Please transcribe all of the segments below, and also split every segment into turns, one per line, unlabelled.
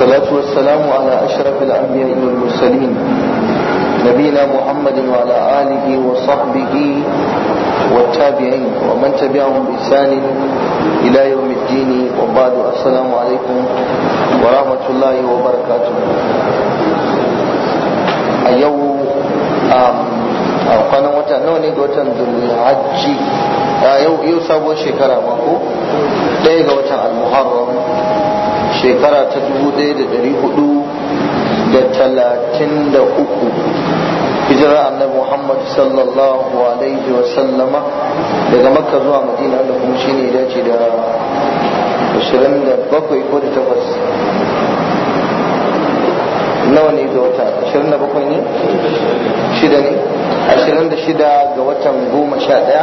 والصلاة والسلام على أشرف الأنبياء والمرسلين نبينا محمد وعلى آله وصحبه والتابعين ومن تبعهم بإحسان إلى يوم الدين وبعد السلام عليكم ورحمة الله وبركاته اليوم kwanan wata nawa ne ga watan zulhajji a yau yau sabuwar shekara mako ɗaya ga watan al-muharram shekara ta 1433 hijira annabi muhammad sallallahu alaihi wasallama daga makka zuwa madina da kuma shi ne dace da bakwai ko da 8 nawa ne ga wata 27 ne shida ne 26 ga watan 11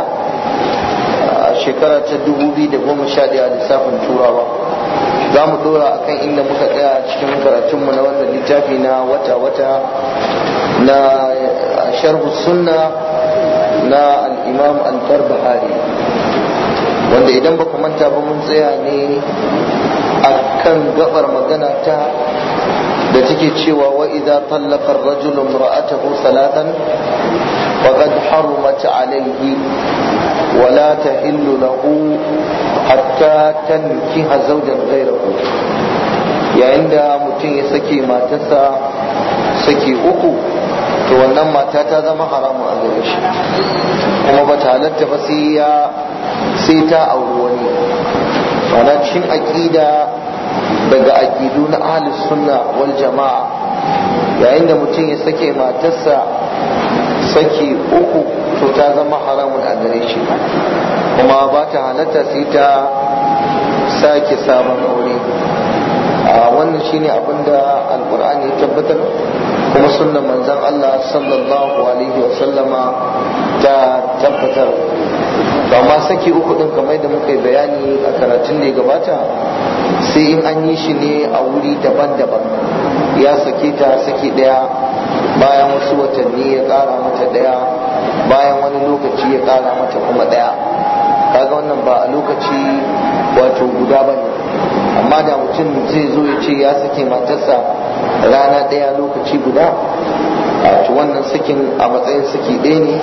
a shekara ta 2011 a lissafin turawa za mu dora kan inda muka tsaya cikin karatunmu na wannan littafi na wata-wata na sharhu sunna na al'imam al buhari wanda idan ba ku manta ba mun tsaya ne a kan gabar magana ta da take cewa wa idza tallaqa ar-rajulu imra'atahu salatan فقد حرمت عليه ولا تحل له حتى تنكح زوجا غيره yayin da mutum ya sake matarsa sake uku to wannan mata ta zama haramu a gare shi kuma ba ta halatta ba sai ta auri wani mana cin aƙida daga aƙidu na ahlus sunna wal jama'a yayin da mutum ya sake matarsa saki uku to ta zama haramun a gare shi kuma ba ta halatta sai ta sake sabon aure a wannan shine abin da alkur'ani ya tabbatar kuma sunna manzon Allah sallallahu alaihi wa sallama ta tabbatar ba ma saki uku din kamar da muka bayani a karatun da ya gabata sai in an yi shi ne a wuri daban-daban ya sake ta saki daya bayan wasu watanni ya kara mata ɗaya bayan wani lokaci ya kara mata kuma ɗaya kaga wannan ba a lokaci wato guda ba ne amma da mutum zai zo ya ce ya sake matarsa rana ɗaya lokaci guda wato wannan sakin a matsayin saki ɗaya ne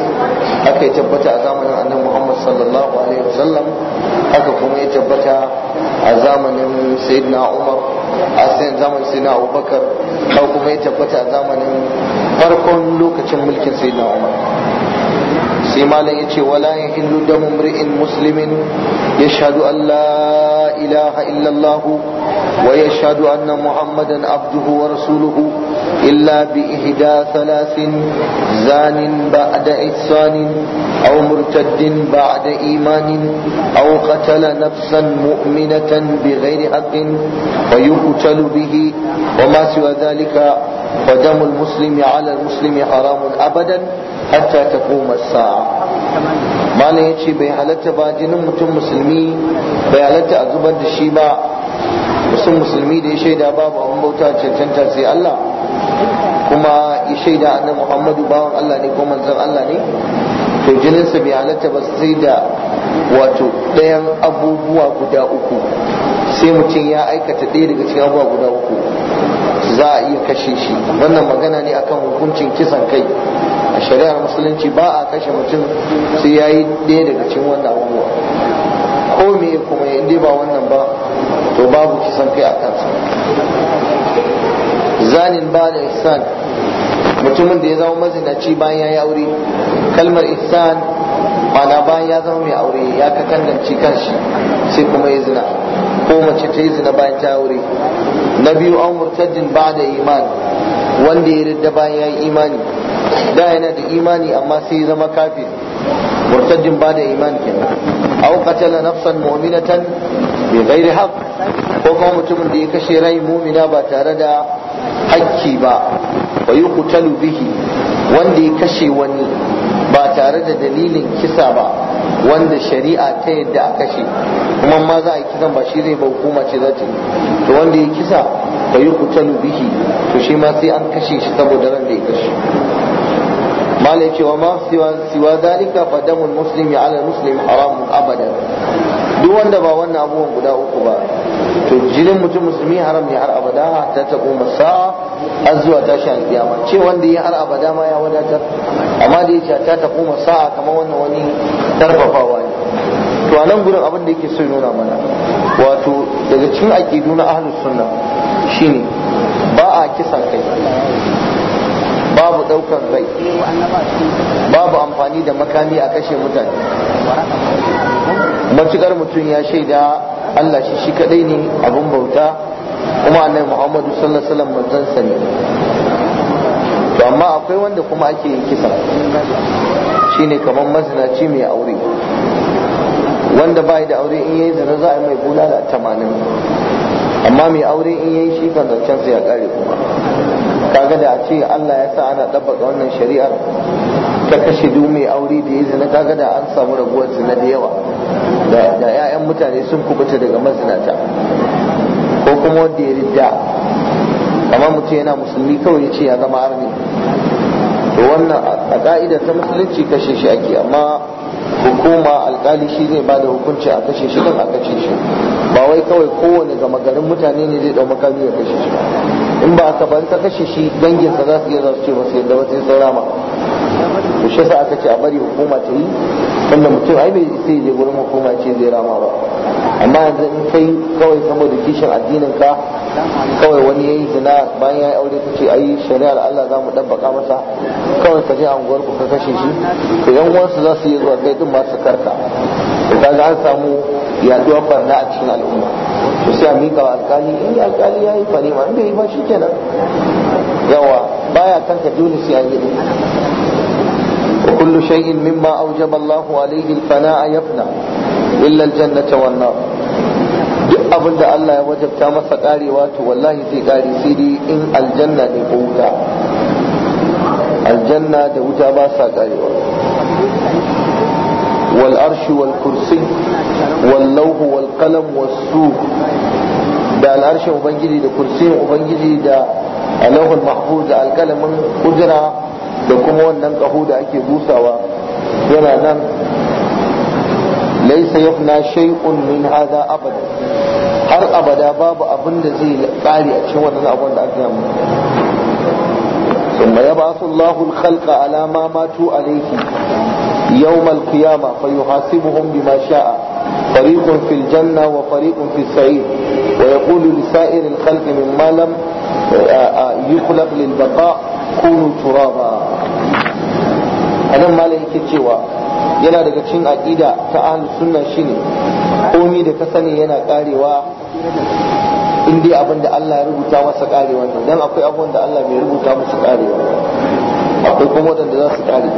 aka yi tabbata a zamanin annabi muhammad sallallahu alaihi wasallam haka kuma ya tabbata a zamanin sayyidina umar a zamanin sayyidina abubakar haka kuma ya tabbata a zamanin farkon lokacin mulkin sai na umar sai malam ya ce wala ya hillu da mumri'in musulmin ya shaɗu Allah ilaha illallahu wa ya shaɗu anna muhammadan abduhu wa rasuluhu illa bi ihda thalasin zanin ba'da ihsanin aw murtaddin ba'da imanin aw qatala nafsan mu'minatan bighairi haqqin wa yuqtalu bihi wa ma siwa dhalika ودم المسلم على المسلم حرام ابدا حتى تقوم الساعه ما لا يجي بيحالة باجن متم مسلمي ازبر دشي با مسلم مسلمي دي شيدا بابا بوتا تشنتا سي الله كما يشيدا أن محمد بابا الله ني كما الله ني to jininsa bai halatta ba sai da wato ɗayan abubuwa guda uku sai mutum ya aikata ɗaya daga cikin abubuwa guda uku za a iya kashe shi wannan magana ne akan hukuncin kisan kai a shari'ar musulunci ba a kashe mutum sai ya yi ɗaya daga cikin wannan abubuwa ko me kuma ya ba wannan ba to babu kisan kai a kansa zanin ba da ihsan mutumin da ya zama mazinaci bayan ya yi aure kalmar ihsan na bayan ya zama mai aure ya kakandance kanshi sai kuma ya zina ko mace ta yi zina bayan ta aure na biyu an murtaddin ba da imani wanda ya yarda bayan ya yi imani da yana da imani amma sai ya zama kafin murtaddin ba da imani kenan au qatala nafsan mu'minatan bi ghairi haqq ko kuma mutumin da ya kashe rai mumina ba tare da hakki ba wa yuqtalu bihi wanda ya kashe wani ba tare da dalilin kisa ba wanda shari'a ta yadda a kashe kuma ma za a yi kisan ba shi zai ba hukuma ce za ta yi to wanda ya kisa ba yi kutalu bihi to shi ma sai an kashe shi saboda ran da ya kashe malai cewa ma siwa zalika fa damul muslimi ala muslim haramun abadan duk wanda ba wannan abubuwan guda uku ba to jinin mutum musulmi haram ne har abada ta tabo masa har zuwa tashi kiyama ce wanda ya har abada ma ya wadatar amma da ya ta ta koma sa'a kamar wannan wani tarfafawa ne to a nan gurin abin da yake so nuna mana wato daga cikin aƙidu na ahlus sunna shine ba a kisan kai babu ɗaukar rai babu amfani da makami a kashe mutane matuƙar mutum ya shaida Allah shi shi kadai ne abin bauta kuma annabi muhammadu sallallahu alaihi wasallam manzon sa ne to amma akwai wanda kuma ake yin kisa shine kamar mazinaci mai aure wanda bai da aure in yayi zina za a yi mai da tamanin amma mai aure in yayi shi kan zancen sa ya kare kuma kaga da a ce Allah ya sa ana dabbaka wannan shari'ar ta kashe duk mai aure da yayi zina kaga da an samu raguwar zina da yawa da 'ya'yan mutane sun kubuta daga mazinata ko kuma wanda ya ridda amma mutum yana musulmi kawai ya ce ya zama arni to wannan a ka'idar ta musulunci kashe shi ake amma hukuma alkali shi zai ba da hukunci a kashe shi don a kashe shi ba wai kawai kowane gama garin mutane ne zai dau makami ya kashe shi in ba aka ban ta kashe shi danginsa za su iya za su ce ba su yadda ba sai sun rama to shi sa aka ce a bari hukuma ta yi wanda mutum ai bai sai je gurin hukuma ce zai rama ba amma yanzu in kai kawai saboda kishin addinin ka kawai wani yayi zina bayan ya yi aure ka ce ayi shari'ar Allah za mu dabbaka masa kawai ka je anguwar ku ka kashe shi to yan uwansu za su yi zuwa kai din masu karka to kaga an samu yaduwar barna a cikin al'umma to sai a mika wa alkali in alkali ya yi fari ma in bai yi ba shi kenan yawa baya kanka dole sai an yi وكل شيء مما أوجب الله عليه الفناء يفنى illa aljannata wan nar duk abin da Allah ya wajabta masa karewa to wallahi zai kare sai dai in aljanna ne ko wuta aljanna da wuta ba sa karewa wal arshi wal kursi wal lawhu wal qalam was suq da arshi ubangiji da kursi ubangiji da alahul mahfuz al alkalamin kudura da kuma wannan kahu da ake busawa yana nan laisa yafna shay'un min hada abada har abada babu abin da zai kare a cikin wannan abun da aka yi
ثم يبعث
الله الخلق على ما ماتوا عليه يوم القيامة فيحاسبهم بما شاء فريق في الجنة وفريق في السعير ويقول لسائر الخلق مما لم يخلق للبقاء كونوا ترابا أنا ما لك cewa yana daga cin aƙida ta ahlus sunna shine komi da ka sani yana karewa in dai abin da Allah ya rubuta masa karewa ne dan akwai abubuwan da Allah bai rubuta masa karewa akwai kuma waɗanda za su kare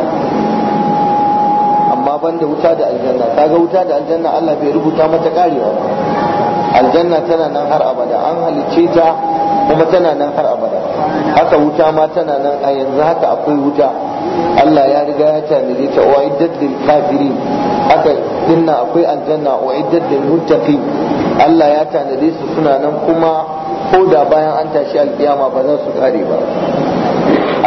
amma ban da wuta da aljanna kaga wuta da aljanna Allah bai rubuta mata karewa aljanna tana nan har abada an halicce ta kuma tana nan har abada haka wuta ma tana nan a yanzu haka akwai wuta Allah ya riga ya tamiri ta wa iddat kafiri aka dinna akwai aljanna wa iddat muttaqi Allah ya tanade su suna nan kuma ko da bayan an tashi alkiyama ba za su kare ba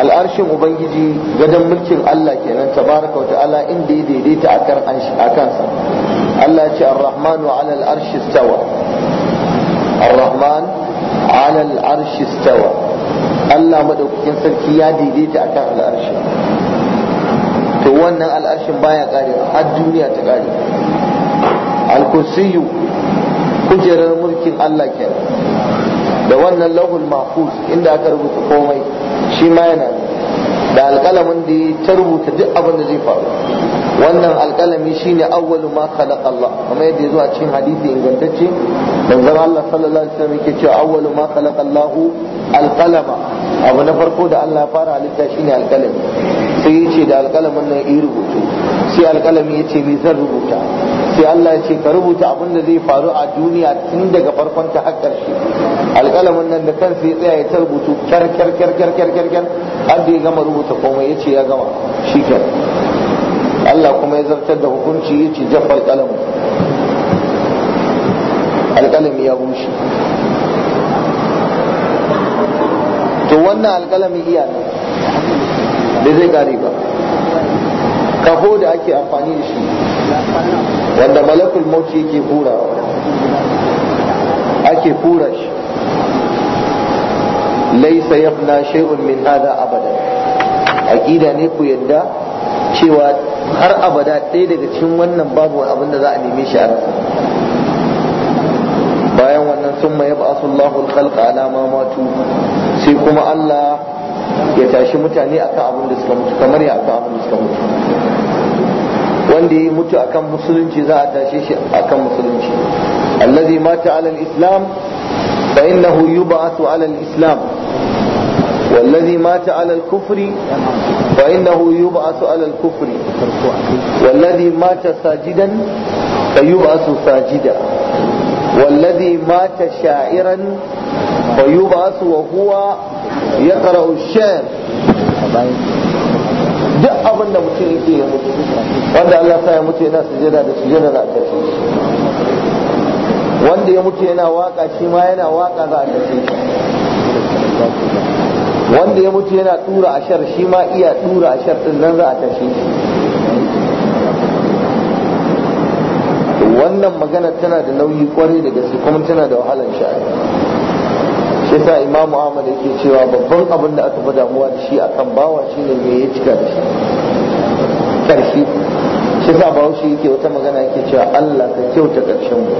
al'arshin ubangiji gadon mulkin Allah kenan tabaraka wa ta'ala inda ya daidaita akan sa Allah ya ce ar-rahmanu 'ala al-arshi istawa ar-rahman 'ala al-arshi istawa Allah madaukakin sarki ya daidaita akan al'arshi to wannan al'arshin baya kare har duniya ta kare al kursiyyu kujerar mulkin Allah ke da wannan lahul mahfuz inda aka rubuta komai shi ma yana da alƙalamin da ya ta rubuta duk abin da zai faru wannan alƙalami shine awwalu ma khalaq Allah kuma yadda ya a cikin hadisi ingantacce manzon Allah sallallahu alaihi wasallam yake cewa awwalu ma khalaq Allah alqalama abu na farko da Allah ya fara halitta shine alƙalami sai ya ce da alƙalamin nan iya eh, rubutu sai alƙalami ya ce me zan rubuta sai Allah ya ce ka rubuta abin da zai faru a duniya tun daga farkon ta har ƙarshe alƙalamin nan da kansa ya tsaya ya ta rubutu kyar kyar kyar kyar kyar kyar kyar har da ya gama rubuta komai ya ce ya gama shi Allah kuma ya zartar da hukunci ya ce jafa alƙalamin alƙalami ya bushe to wannan alƙalamin iya ne da zai kare ba kaho da ake amfani da shi wanda malakul mauti yake hura ake fura shi laisa yafna shay'un min hada abada aqida ne ku yadda cewa har abada ɗaya daga cikin wannan babu abin da za a neme shi a rasa bayan wannan sun ma ba asullahu alkhalqa ala ma matu sai kuma Allah ya tashi mutane akan abin da suka mutu kamar ya akan abin da suka mutu wanda ya mutu akan musulunci za a tashe shi akan musulunci allazi mata alal islam fa innahu yub'athu alal islam والذي مات على الكفر فإنه يبعث على الكفر والذي مات ساجدا فيبعث ساجدا والذي مات شاعرا فيبعث وهو ya ƙara'u shayar duk abin da mutum yake ya mutu wanda Allah ta ya mutu yana sujada da sujada za a shi wanda ya mutu yana waka shi ma yana waka za a shi wanda ya mutu yana tura ashar shi ma iya tura ashar din nan za a kashe shi wannan magana tana da nauyi kwarai da gaske kuma tana da wahalar sha'ani shi yasa imamu ahmad yake cewa babban abin da aka fi damuwa da shi akan bawa ne me ya cika da shi karshe shi bawa shi yake wata magana yake cewa Allah ka kyauta karshen mu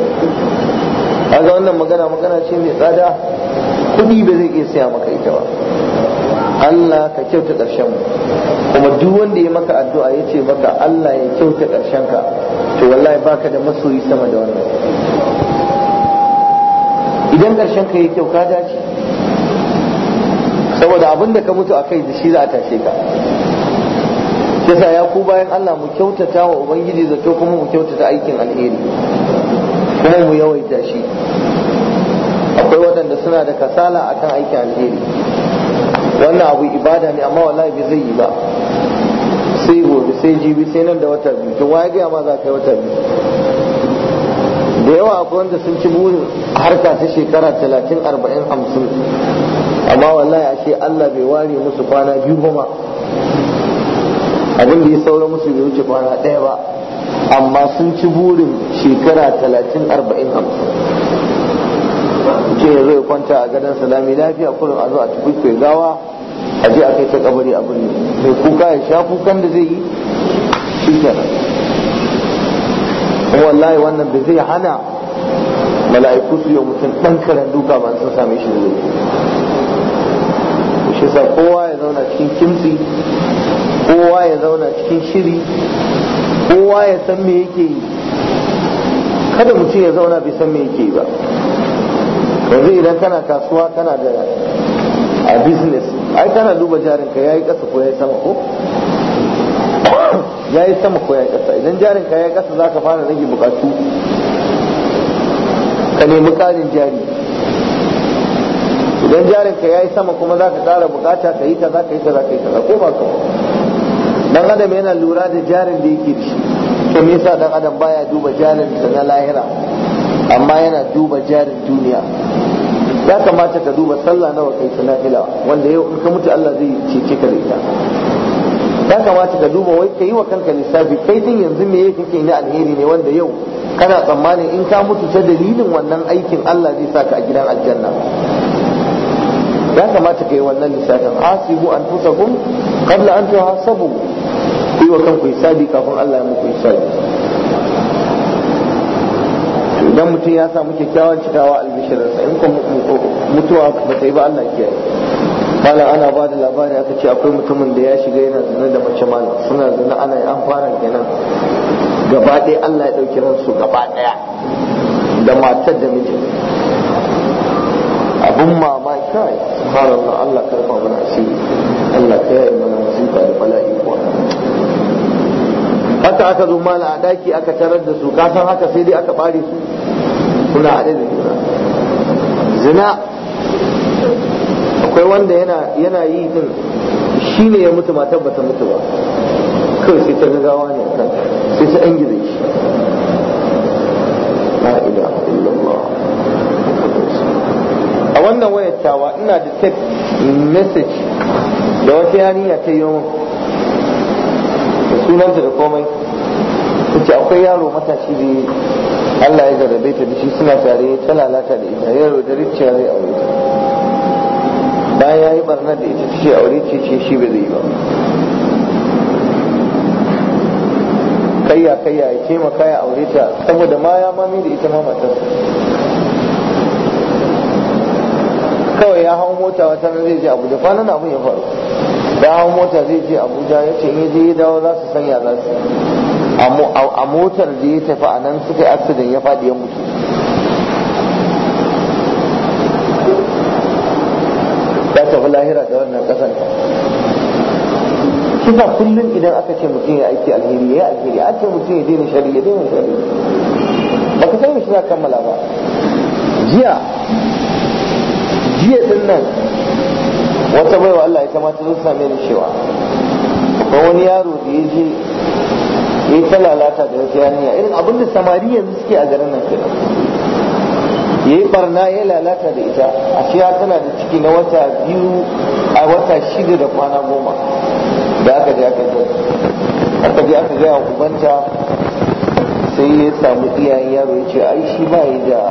ga wannan magana magana ce mai tsada kuɗi ba zai iya siya maka ita ba Allah ka kyauta karshen mu kuma duk wanda ya maka addu'a ya ce maka Allah ya kyauta karshen ka to wallahi baka da masoyi sama da wannan idan ƙarshen ka yi kyau ka dace saboda abin da ka mutu a kai da shi za a tashe ka yasa ya ku bayan Allah mu kyautata wa ubangiji zato kuma mu kyautata aikin alheri kuma mu yawaita shi akwai waɗanda suna da kasala akan aikin alheri wannan abu ibada ne amma wallahi bai zai yi ba sai gobe sai jibi sai nan da wata biyu to waye gaya ma za ka yi wata biyu da yawa akwai wanda sun ci burin harka ta shekara talatin arba'in hamsin amma wallahi ashe Allah bai ware musu kwana biyu ba ma abin da ya saura musu bai wuce kwana ɗaya ba amma sun ci burin shekara talatin arba'in hamsin ce ya ya kwanta a gadon salami lafiya kurin a zo a kai gawa a je a kai ta kabari a birni mai kuka ya sha kukan da zai yi shi kenan wallahi wannan da zai hana mala'iku su yi mutum ɗan karen duka ba sun same shi da zai shi sa kowa ya zauna cikin kimsi kowa ya zauna cikin shiri kowa ya san me yake yi kada mutum ya zauna bai san me yake yi ba yanzu idan kana kasuwa kana da a business ai kana duba jarinka ya yi ƙasa ko ya yi sama ko ya yi sama ko ya kasa idan jarin ka ya kasa za ka fara rage bukatu ka nemi ƙarin jari idan jarin ka ya yi sama kuma za ka kara bukata ka yi ta za ka yi ta za ka yi ta ko ba ka dan adam yana lura da jarin da yake da shi to me yasa dan adam baya duba jarin da na lahira amma yana duba jarin duniya ya kamata ka duba sallah nawa kai ta nafila wanda yau in ka mutu Allah zai cece ka da ita ya kamata ka duba wai ka yi wa kanka lissafi kai tun yanzu me yake kake na alheri ne wanda yau kana tsammanin in ka mutu ta dalilin wannan aikin Allah zai saka a gidan aljanna ya kamata ka yi wannan lissafin asibu an kun kabla an tuhasabu ku yi wa kanku hisabi kafin Allah ya muku hisabi idan mutum ya samu kyakkyawan cikawa sa, in kuma mutuwa ba ta yi ba Allah kiyaye malam ana ba da labari aka ce akwai mutumin da ya shiga yana zina da mace malam suna zina ana yi an fara kenan gaba ɗaya Allah ya ɗauki ransu gaba ɗaya da matar da miji abun mamaki kai subhanallah Allah karfa mana asiri Allah ta kai mana musiba da bala'i ko haka aka zo mala a daki aka tarar da su kasan haka sai dai aka bare su suna haɗe da juna zina akwai wanda yana yana yi din shi ne ya mutu matar ta mutu ba kawai sai ta gagawa ne a kan sai ta an gizo shi a wannan wayar tawa ina da text message da wata yariya ta yi mun da sunanta da komai ta ce akwai yaro matashi da Allah ya jarrabe ta da shi suna tare ta lalata da ita yaro da ricciya zai aure ta bayan ya yi barna da ita ce aure ce ce shi ba zai ba kayya kayya ya kaya a aure ta saboda ma ya mami da ita ma matar kawai ya hau mota wata na zai je abuja kwanan abin ya faru ya hau mota zai je abuja ya ce in je dawo za su sanya za su a motar da ya tafi a nan suka yi accident ya faɗi ya mutu lahira da wannan kasan kifa kullum idan aka ce mutum ya aiki alheri ya alheri an ce mutum ya daina shari ya daina shari ba ka san shi za kammala ba jiya jiya din nan wata baiwa Allah ita ma ta zo same ni cewa ba wani yaro da ya je ya ta lalata da wata yarinya irin abin da samari yanzu suke a garin nan kenan ya yi barna ya lalata da ita a shi tana da ciki na wata biyu a wata shida da kwana goma da aka je aka je aka je aka gaya kubanta sai ya samu iyayen yaro ya ce ai shi ba da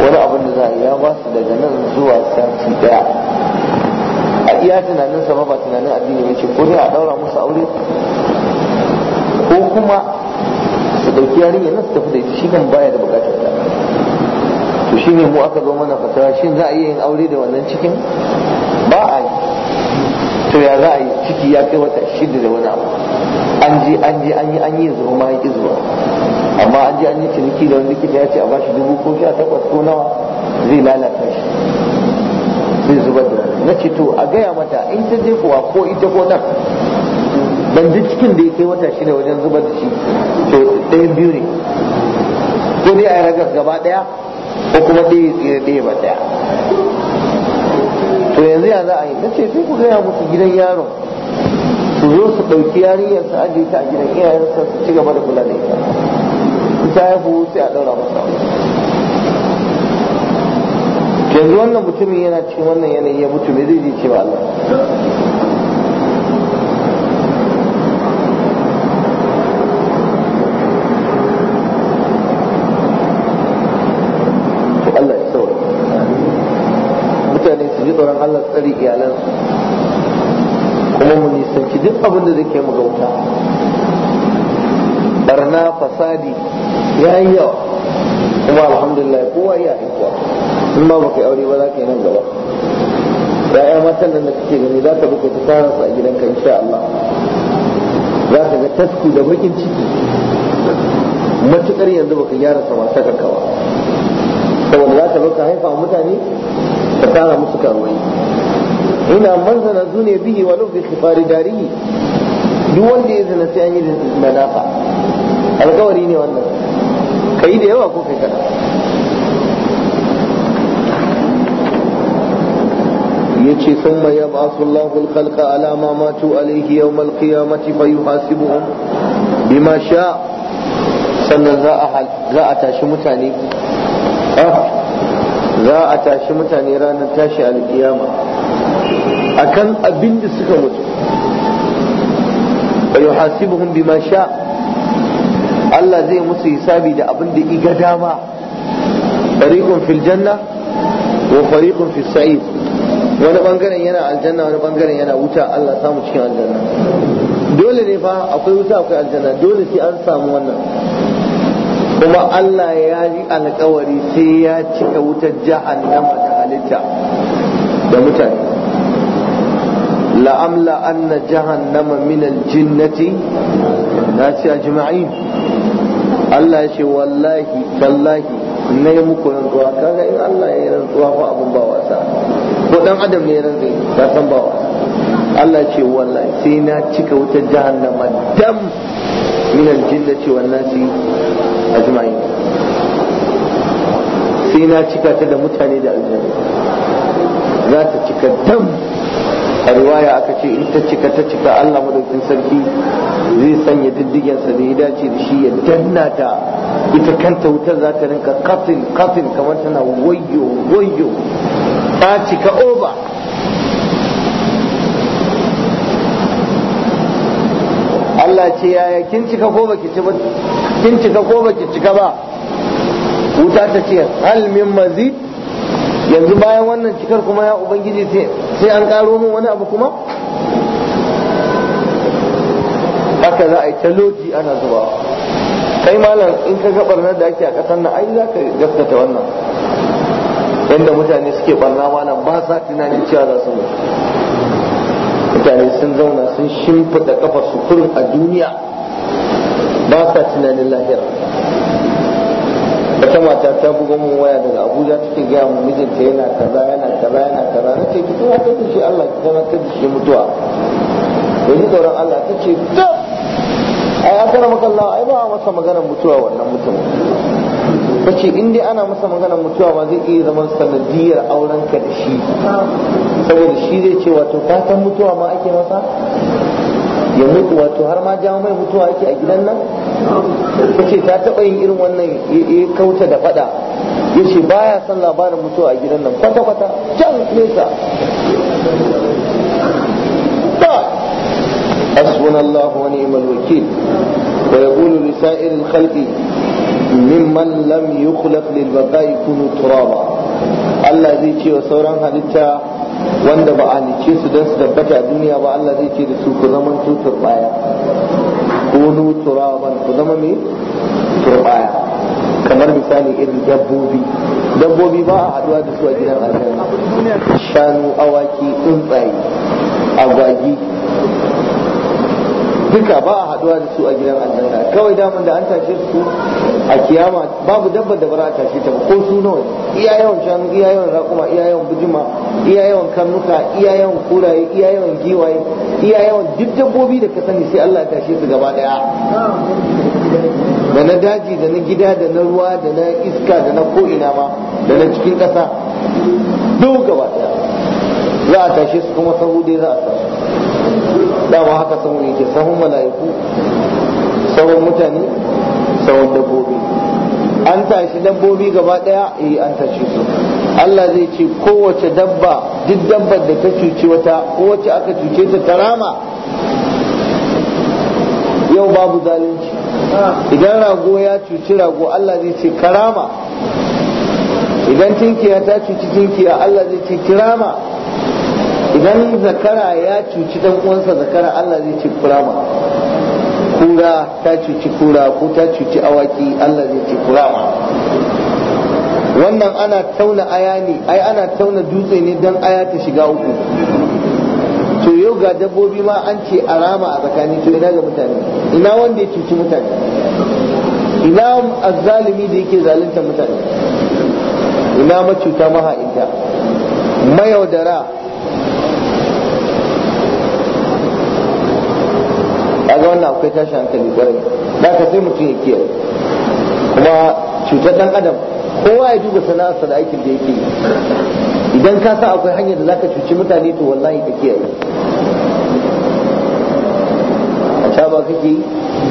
wani abin da za a ya ba su daga nan zuwa sati daya a iya tunanin sa ba tunanin addini ya ce ko a daura musu aure ko kuma su ɗauki yarinya nan su tafi da ita shi kan baya da bukatar ta to shine mu aka zo mana fasara shin za a iya yin aure da wannan cikin ba a yi to ya za a yi ciki ya kai wata shida da wani abu an je an je an yi an yi zuwa ma yi zuwa amma an je an yi ciniki da wani likita ya ce a bashi dubu ko sha takwas ko nawa zai lalata shi zai zubar da na ce to a gaya mata in ta je kuwa ko ita ko nan ban ji cikin da ya kai wata shida wajen zubar da shi to ɗayan biyu ne ko dai a yi ragar gaba ɗaya ko kuma ɗaya tsira ɗaya ba to yanzu ya za a yi nace sai ku gaya musu gidan yaron su zo su ɗauki yarinyar su ajiye ta a gidan iyayensa su ci gaba da kula da ita ya haihu sai a ɗaura masa yanzu wannan mutumin yana cikin wannan yanayi ya mutu me zai je ce ba Allah tsoron Allah tsari iyalansu kuma mu nisanci duk abin da zai kai mu wuta barna fasadi ya yi yawa kuma alhamdulillah kowa yi haihuwa in ma baka aure ba za ka yi nan gaba ya'ya matan nan da kake gani za ka buka ta fara su a gidanka insha Allah za ka ga tasku da bakin ciki matukar yanzu baka gyara sama saka kawa saboda za ta ka haifa mutane ka tara musu karuwai ina manzana zune bihi walau bi khifari dari duk wanda ya zina sai an yi da alkawari ne wannan kai da yawa ko kai kada yace thumma yab'athu Allahu al-khalqa ala ma matu alayhi yawm al-qiyamati fa yuhasibuhum bima sannan za a tashi mutane ah. za a tashi mutane ranar tashi alkiyama akan abin da suka mutu yuhasibuhum bima sha Allah zai musu hisabi da abin da iga dama fariqun fil janna wa fariqun fis sa'id wani bangaren yana aljanna wani bangaren yana wuta Allah samu cikin aljanna dole ne fa akwai wuta akwai aljanna dole sai an samu wannan kuma Allah ya yi alkawari sai ya cika wutar jahannama da halitta da mutane la'amla anna jahannama minal jinnati na ce a jima'in Allah ya ce wallahi tallahi na yi muku rantsuwa kaga in Allah ya yi rantsuwa fa abun ba wasa ko dan adam ne rantsi ba san ba wasa Allah ya ce wallahi sai na cika wutar jahannama dam minal jinnati wan nasi ajma'in sai na cika ta da mutane da aljanna za ta cika dam a riwaya aka ce in ta cika ta cika Allah madaukin sarki zai sanya diddigensa da ya dace da shi ya danna ta ita kanta wutar za ta rinka kafin kafin kamar tana wayo wayo ta cika over Allah ce yaya kin cika ko baki ci ba kin cika ko baki cika ba wuta ta ce hal min mazid yanzu bayan wannan cikar kuma ya ubangiji sai an karo min wani abu kuma haka za a yi taloji ana zuba kai malam in ka ga barnar da ake a ƙasar nan ai za ka gaskata wannan yadda mutane suke barna nan ba sa tunanin cewa za su mutu mutane sun zauna sun shimfida kafa su kurin a duniya ba sa tunanin lahira wata mata ta buga mun waya daga abuja take gaya mu mijinta yana kaza yana kaza yana kaza na ce ki tana da shi allah ki zama da shi mutuwa bai ni tsoron allah ta ce ta ai an kara maka allah ai ba masa maganar mutuwa wannan mutumin ta ce in dai ana masa magana mutuwa ba zai iya zama sanadiyar auren ka da shi saboda shi zai ce wato fatan mutuwa ma ake masa ya mutu wato har ma jawo mai mutuwa ake a gidan nan ta ta taɓa yin irin wannan ya kauta da faɗa ya ce baya son labarin mutuwa a gidan nan kwata-kwata can nesa حسبنا الله ونعم الوكيل ويقول لسائر الخلق mimman lam yukhlaq lil baqa'i kunu turaba Allah zai ce wa sauran halitta wanda ba a halice su don su tabbata a duniya ba Allah zai ce da su ku zama ko kunu turaban ku zama me turbaya kamar misali irin dabbobi dabbobi ba a haduwa da su a gidan aljanna shanu awaki tsuntsaye agwagi duka ba a haduwa da su a gidan aljanna kawai damun da an tashi su a kiyama babu dabbar da ba za a tashi ta ko su nawa iya yawan shanu iya yawan raƙuma iya yawan bijima iya yawan karnuka iya yawan kuraye iya yawan giwaye iya yawan duk dabbobi da ka sani sai Allah ya tashi su gaba daya da na daji da na gida da na ruwa da na iska da na ko'ina ma da na cikin ƙasa duk gaba daya za a tashi su kuma sahu dai za a tashi dama haka sahu yake sahun mala'iku sahun mutane sahun dabbobi an tashi dabbobi gaba daya eh an tashi su Allah zai ce kowace dabba duk dabbar da ta cuci wata kowace aka cuce ta tarama yau babu zalunci idan rago ya cuci rago Allah zai ce karama idan tinkiya ta cuci tinkiya Allah zai ce kirama idan zakara ya cuci dan uwansa zakara Allah zai ce kurama kura ta cuci kura ko ta cuci awaki Allah zai kura ma wannan ana tauna aya ne ai ana tauna dutse ne don aya ta shiga uku to yau ga dabbobi ma an ce arama a tsakani to ina ga mutane ina wanda ya cuci mutane ina azzalimi da yake zalunta mutane ina macuta maha'inta mayaudara wannan akwai tashi hankali kwarai da ka sai mutum ya kiyaye kuma cutar dan adam kowa ya duba sana'arsa da aikin da yake yi idan ka sa akwai hanyar da zaka cuci mutane to wallahi ka kiyaye a caba kake yi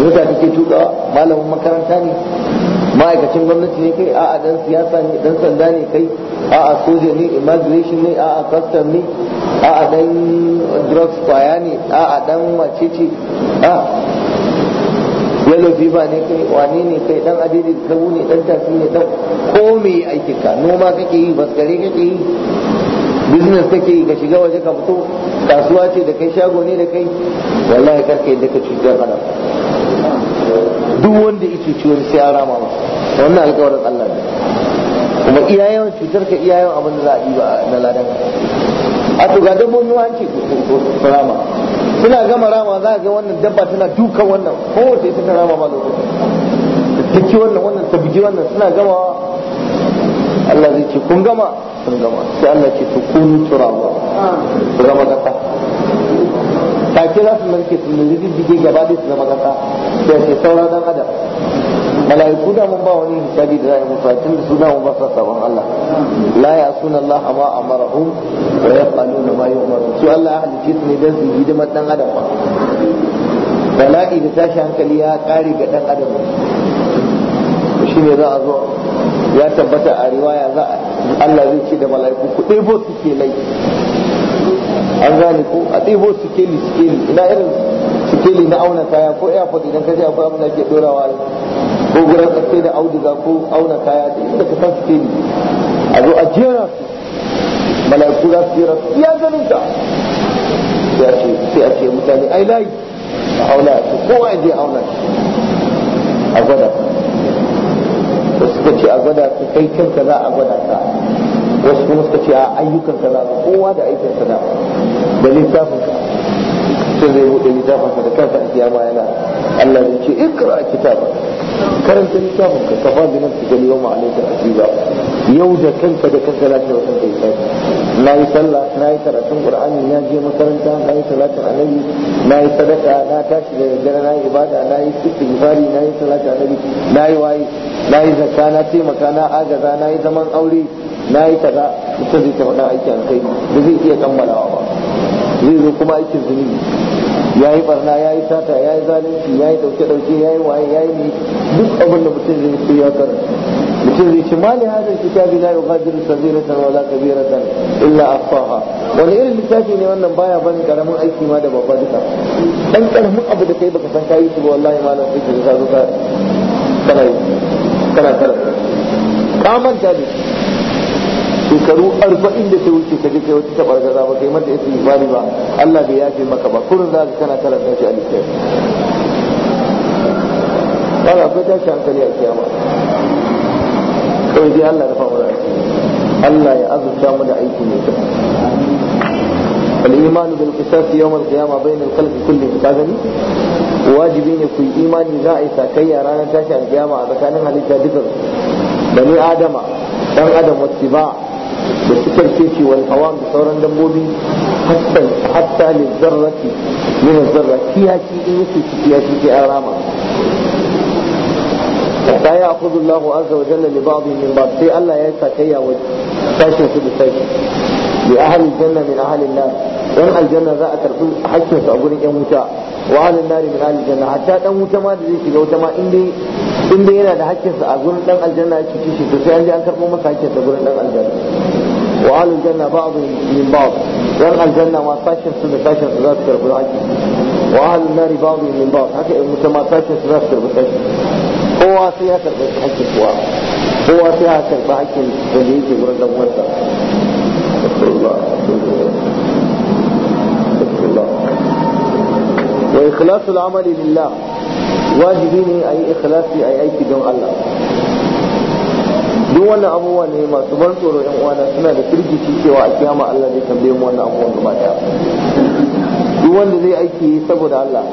mota kake tukawa malamin makaranta ne ma'aikacin gwamnati ne kai a'a dan siyasa ne dan sanda ne kai a'a soja ne immigration ne a'a custom ne a'a dan drugs kwaya ne a'a dan ce. a yalo ba ne kai wane ne kai dan adidi ka ne dan tafi ne dan ko me aiki ka noma kake yi baskare kake yi business kake yi ka shiga waje ka fito kasuwa ce da kai shago ne da kai wallahi karka yadda ka cutar kana duk wanda yake ciwon sai an rama wannan alƙawarin Allah ne kuma iyayen cutar ka iyayen abin da za a ba na ladan a to ga dabbobi an ce ko rama suna gama rama za a ga wannan dabba tana dukan wannan kowace ita ta rama ba lokaci ta wannan wannan ta wannan suna wa. Allah zai ce kun gama sun gama sai Allah ce to kunu turaba ku zama kasa take za su narke su ne diddige gaba dai su gama kasa sai ke saura dan adam mala'iku da mun ba wani hisabi da zai a tun da su mun ba sabon Allah la ya suna Allah ma amarahu wa da ma umaru su Allah halice su ne dan su yi hidimar dan adam ba bala'i da tashi hankali ya kare ga dan adam shi ne za a zo ya tabbata a riwaya za a Allah zai ce da mala'iku ku ɗebo su ke lai an gane ko a ɗebo su ke li su ke li ina irin su ke li na auna kaya ko ya faɗi idan ka je akwai abin da ke ɗorawa ko gurin sai da auduga ko auna kaya da inda ka san suke ne a zo a jera su mala'iku za su jera su ya ganin ta sai a ce mutane ai layi a auna su ko ya je auna a gwada ta suka ce a gwada su kai kanka za a gwada ka wasu kuma suka ce a ayyukan ka za kowa da aikin sa da lissafin ka mutum zai buɗe littafinsa da kansa a kiyama yana Allah zai ce in ikra kitaba karanta littafin ka kafa bi nafsi gal yawma alayka asiba yau da kanka da kanka za ka yi wannan kai na yi sallah na yi karatun qur'ani na je makaranta na yi salatin annabi na yi sadaka na tashi da gara na yi ibada na yi istighfari na yi salatin annabi na yi wayi na yi zakka na taimaka na agaza na yi zaman aure na yi kaza mutum zai ta faɗa aikin kai da zai iya kammalawa ba zai zo kuma aikin zunubi ya yi barna ya yi sata ya yi zalunci ya yi dauke-dauke ya yi waye ya yi duk abin da mutum zai ce ya karanta mutum zai ce mali hadin kitabi la yughadiru sabiratan wala kabiratan illa ahsaha wani irin littafi ne wannan baya bani karamin aiki ma da babba duka dan karamin abu da kai baka san kayi shi ba wallahi malam sai ka zo ka kana kana karanta ka manta da shekaru arba'in da ta wuce ka je kai wata tabar gaza ba kai mata ita ibari ba Allah bai yafe maka ba kurin za ka kana karanta shi a littafi ba za tashi hankali a kiyama kawai dai Allah da fa'ura Allah ya azurta mu da aiki mai kyau الإيمان بالقصاص يوم القيامة بين الخلق كلهم كاغني wajibi ne ku yi imani za a yi sakayya ranar tashin alkiyama a tsakanin halitta duka adama dan adam wasu ba da sukar keke wal hawam da sauran dabbobi hatta hatta li zarrati min zarra kiyaki in yake kiyaki ke ya rama ta ya akudu Allah azza wa jalla li ba'd min ba'd sai Allah ya sakayya wa sashin su da sashi li ahli janna min ahli nar dan aljanna za a karbi hakkin su a gurin yan wuta wa ahli nar min ahli janna hatta dan wuta ma da zai shiga wuta ma in dai in dai yana da hakkinsa a gurin dan aljanna yake kishi to sai an je an karɓo masa hakkinsa gurin dan aljanna wa alul janna ba'd min ba'd dan aljanna ma sashin su da sashin su za su karɓi hakki wa alul nari ba'd min ba'd haka in mutum ma sashin su za su karɓi kowa sai ya karɓi hakkin kowa kowa sai ya karɓi hakkin da yake gurin dan uwansa وإخلاص العمل wajibi ne a yi ikhlasi a yi aiki don Allah duk wannan abubuwa ne masu ban tsoro yan uwana suna da firgici cewa a kiyama Allah zai tambaye mu wannan abubuwan gaba daya duk wanda zai aiki saboda Allah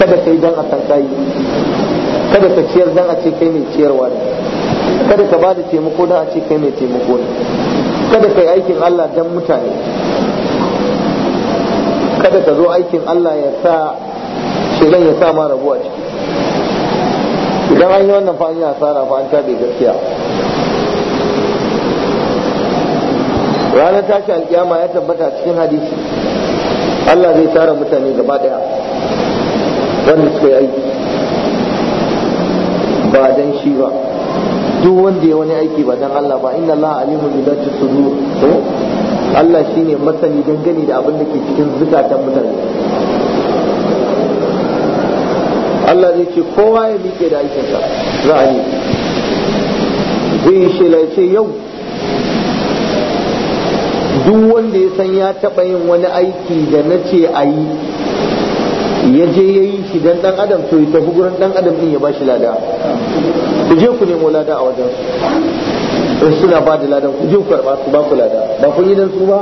kada kai dan a san kai kada ka ciyar dan a ce kai mai ciyarwa ne kada ka bada taimako dan a ce kai mai taimako ne kada kai aikin Allah dan mutane kada ka zo aikin Allah ya sa shigan ya sa ma rabuwa ciki idan an yi wannan fa an tsara asara fa an tabe gaskiya ranar tashi alkiyama ya tabbata cikin hadisi Allah zai tara mutane gaba daya wanda suka yi aiki ba dan shi ba duk wanda ya wani aiki ba dan Allah ba inna Allah alimun bi dhati sudur oh. Allah shine masani dangane da abin da ke cikin zukatan mutane Allah zai ce kowa ya miƙe da aikinsa za a yi zai yi shela ya ce yau duk wanda ya san ya taɓa yin wani aiki da na ce a yi ya je ya yi shi dan ɗan adam to ya tafi gurin ɗan adam ɗin ya ba shi lada ku je ku nemo lada a wajen in suna ba da ladan ku je ku karɓa su ba ku lada ba ku yi don su ba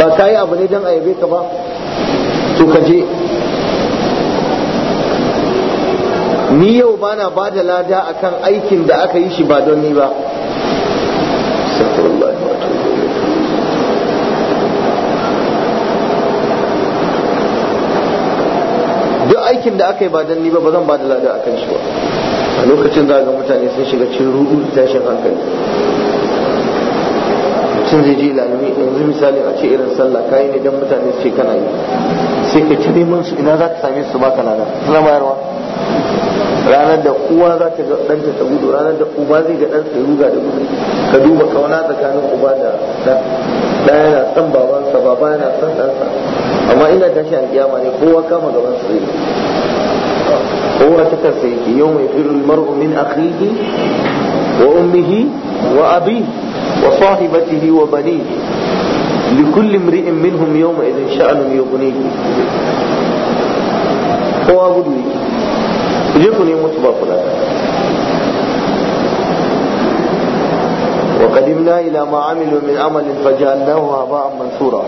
ba ka yi abu ne don a yabe ka ba to ka je ni yau bana ba da lada akan aikin da aka yi shi ba don ni ba duk aikin da aka yi ba don ni ba ba zan ba da lada akan shi ba a lokacin za ga mutane sun shiga cin rudu da tashin hankali mutum zai je lalumi yanzu misali a ce irin sallah kayi ne don mutane su ce kana yi sai ka ci neman su ina za ka same su ba ka lada suna bayarwa ranar da uwa za ta ga ɗanta ta gudu ranar da uba zai ga ɗansa ya ruga da gudu ka duba kauna tsakanin uba da ɗa ɗa yana son babansa baba yana san ɗansa amma ina tashi a kiyama ne kowa kama gaban su zai kowa ta kansa yake yau mai firin mar'u min akhihi wa ummihi wa abi wa sahibatihi wa banihi likulli imri'in minhum yawma idhin sha'anun yughnihi kowa gudu yake ku je ku nemo su ba ku lada wa qadimna ila ma amilu min amalin fajalnahu haba'an mansura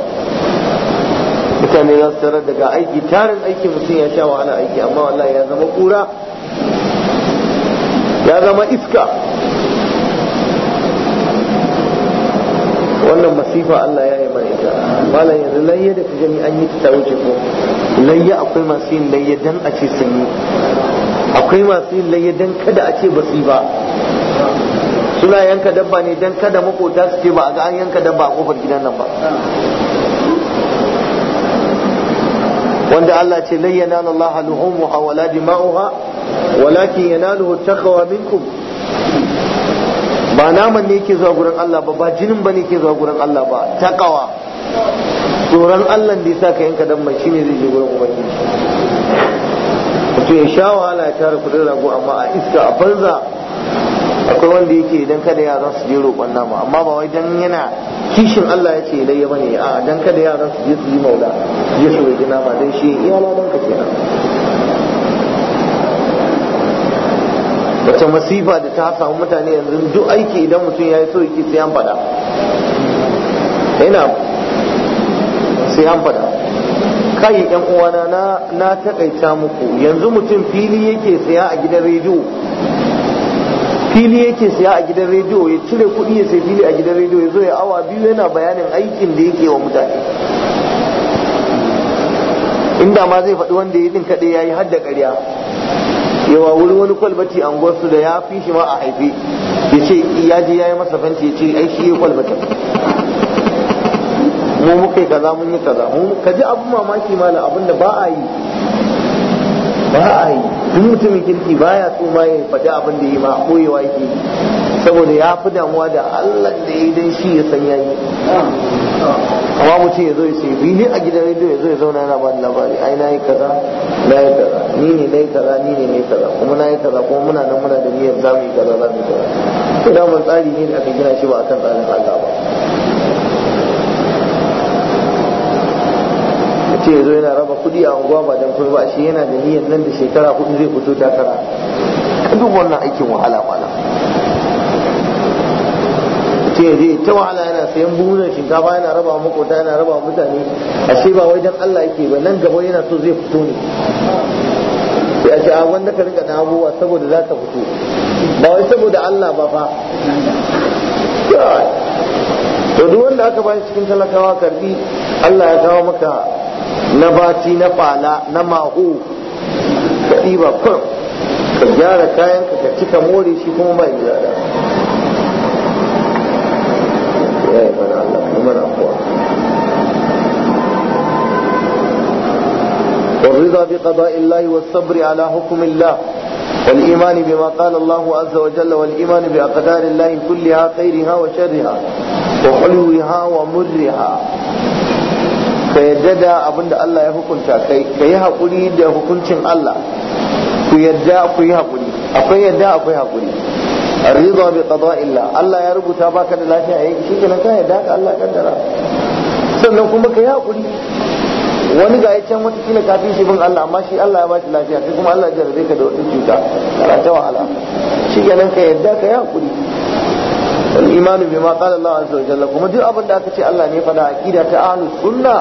mutane za su tarar daga aiki tarin aiki mutum ya sha wahala aiki amma wallahi ya zama kura ya zama iska wannan masifa Allah ya yi mana ita malam yanzu layya da ka jami'an an yi ta wuce ko layya akwai masu yin layya dan a ce sun yi akwai masu yin layya dan kada a ce ba su ba suna yanka dabba ne dan kada makota su ce ba a ga an yanka dabba a kofar gidan nan ba wanda Allah ce lai yanala Allah luhumuha wala dima'uha walakin yanaluhu takawa minkum ba naman ne yake zuwa gurin Allah ba ba jinin ba ne yake zuwa gurin Allah ba takawa tsoron Allah da ya sa ka yanka dabba shi shine zai je gurin ubangiji mutum ya sha wahala ya tara kudin rago amma a iska a banza akwai wanda yake idan kada yaran su je roƙon nama amma ba wai dan yana kishin Allah ya ce layya bane a dan kada yaran su je su yi maula je su roƙi nama dan shi ya ladan ka kenan wata masifa da ta samu mutane yanzu duk aiki idan mutum ya yi so yake sai an faɗa yana sai an faɗa kai yan uwa na na takaita muku yanzu mutum fili yake saya a gidan rediyo fili yake saya a gidan rediyo ya cire kuɗi ya sai fili a gidan rediyo ya zo ya awa biyu yana bayanin aikin da yake wa mutane inda ma zai faɗi wanda ya din yayi ya yi hadda ƙarya yawa wuri wani kwalbati an gwarsu da ya fi shi ma a haife ya ce ya je ya yi masa fanti ya ce ai shi ya kwalbata mu muka yi kaza mun yi kaza mu ka ji abun mamaki mala abin da ba a yi ba a yi duk mutumin kirki baya so ma ya faɗi abin da yi ma koyewa yake saboda ya fi damuwa da Allah da ya dan shi ya san yayi amma mutum ya zo ya ce ne a gidan rediyo ya zo ya zauna yana bani labari ai na yi kaza na yi kaza ni ne na yi kaza ni ne na yi kaza kuma na yi kaza kuma muna nan muna da niyyar za mu yi kaza za mu yi kaza to da mun tsari ne da aka gina shi ba akan tsarin Allah ba ce ya zo yana raba kuɗi a unguwa ba dan kuma ba shi yana da niyyar nan da shekara kudi zai fito takara duk wannan aikin wahala malam mutum ya ta wahala yana sayan buhunan shinkafa yana raba makota yana raba mutane ashe ba wai dan Allah yake ba nan gaba yana so zai fito ne sai a ce a wanda ka rika dan abubuwa saboda za ta fito ba wai saboda Allah ba fa to duk wanda aka bashi cikin talakawa karbi Allah ya kawo maka na baci na fala na mahu ka ɗiba kun ka gyara kayan ka cika more shi kuma ba gida da ya yi mana Allah kuma na kuwa والرضا بقضاء الله والصبر على حكم الله والإيمان بما قال الله عز وجل والإيمان بأقدار الله كلها خيرها وشرها وحلوها ومرها ka yarda da abin da Allah ya hukunta kai ka yi haƙuri da hukuncin Allah ku yarda ku yi haƙuri akwai yarda akwai haƙuri arida bi illa Allah ya rubuta ba ka da lafiya yi eh, shi kenan ka yarda ka Allah kaddara sannan kuma ka yi haƙuri wani ga can wata kila kafin shi bin Allah amma shi Allah ya ba shi lafiya sai kuma Allah ya jarabe ka da wata cuta kana ta wahala shi kenan ka yarda ka yi haƙuri الإيمان بما قال الله عز وجل كما دي أبدا كتي الله نفدا عقيدة أهل السنة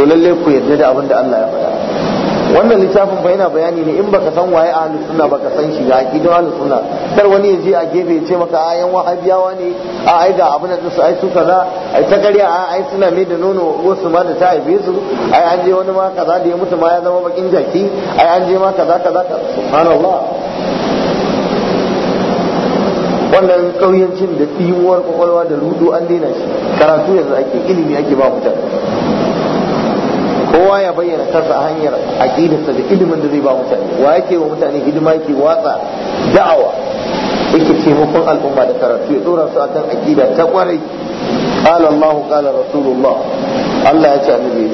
to lalle ku yarda da abin da Allah ya faɗa wannan littafin fa yana bayani ne in baka san waye ahli sunna baka san shi ga aqidar ahli sunna kar wani ya je a gefe ya ce maka a yan wahabiyawa ne a ai ga abin da su ai su kaza ai ta ƙarya a ai suna mai da nono wasu ma da ta haife su ai an je wani ma kaza da ya mutu ma ya zama bakin jaki ai an je ma kaza kaza subhanallah wannan ƙauyancin da ɗiwuwar kwakwalwa da rudu an daina shi karatu yanzu ake ilimi ake ba mutane kowa ya bayyana kansa a hanyar aqidarsa da ilimin da zai ba mutane wa yake wa mutane hidima yake watsa da'awa yake taimakon al'umma da karatu ya dora su akan aqida ta kwarai qala Allah qala rasulullah Allah ya ce annabi